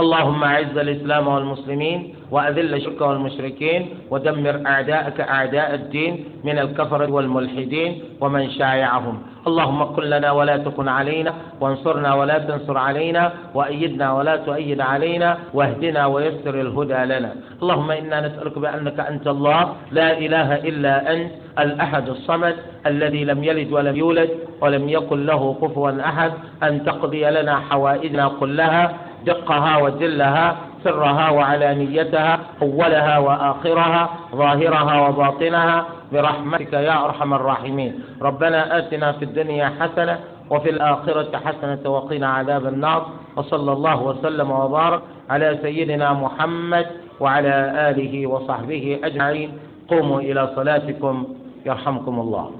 اللهم أعز الإسلام والمسلمين وأذل الشرك والمشركين ودمر أعداءك أعداء الدين من الكفرة والملحدين ومن شايعهم اللهم كن لنا ولا تكن علينا وانصرنا ولا تنصر علينا وأيدنا ولا تؤيد علينا واهدنا ويسر الهدى لنا اللهم إنا نسألك بأنك أنت الله لا إله إلا أنت الأحد الصمد الذي لم يلد ولم يولد ولم يكن له كفوا أحد أن تقضي لنا حوائجنا كلها دقها وجلها سرها وعلانيتها أولها وآخرها ظاهرها وباطنها برحمتك يا أرحم الراحمين ربنا آتنا في الدنيا حسنة وفي الآخرة حسنة وقنا عذاب النار وصلى الله وسلم وبارك على سيدنا محمد وعلى آله وصحبه أجمعين قوموا إلى صلاتكم يرحمكم الله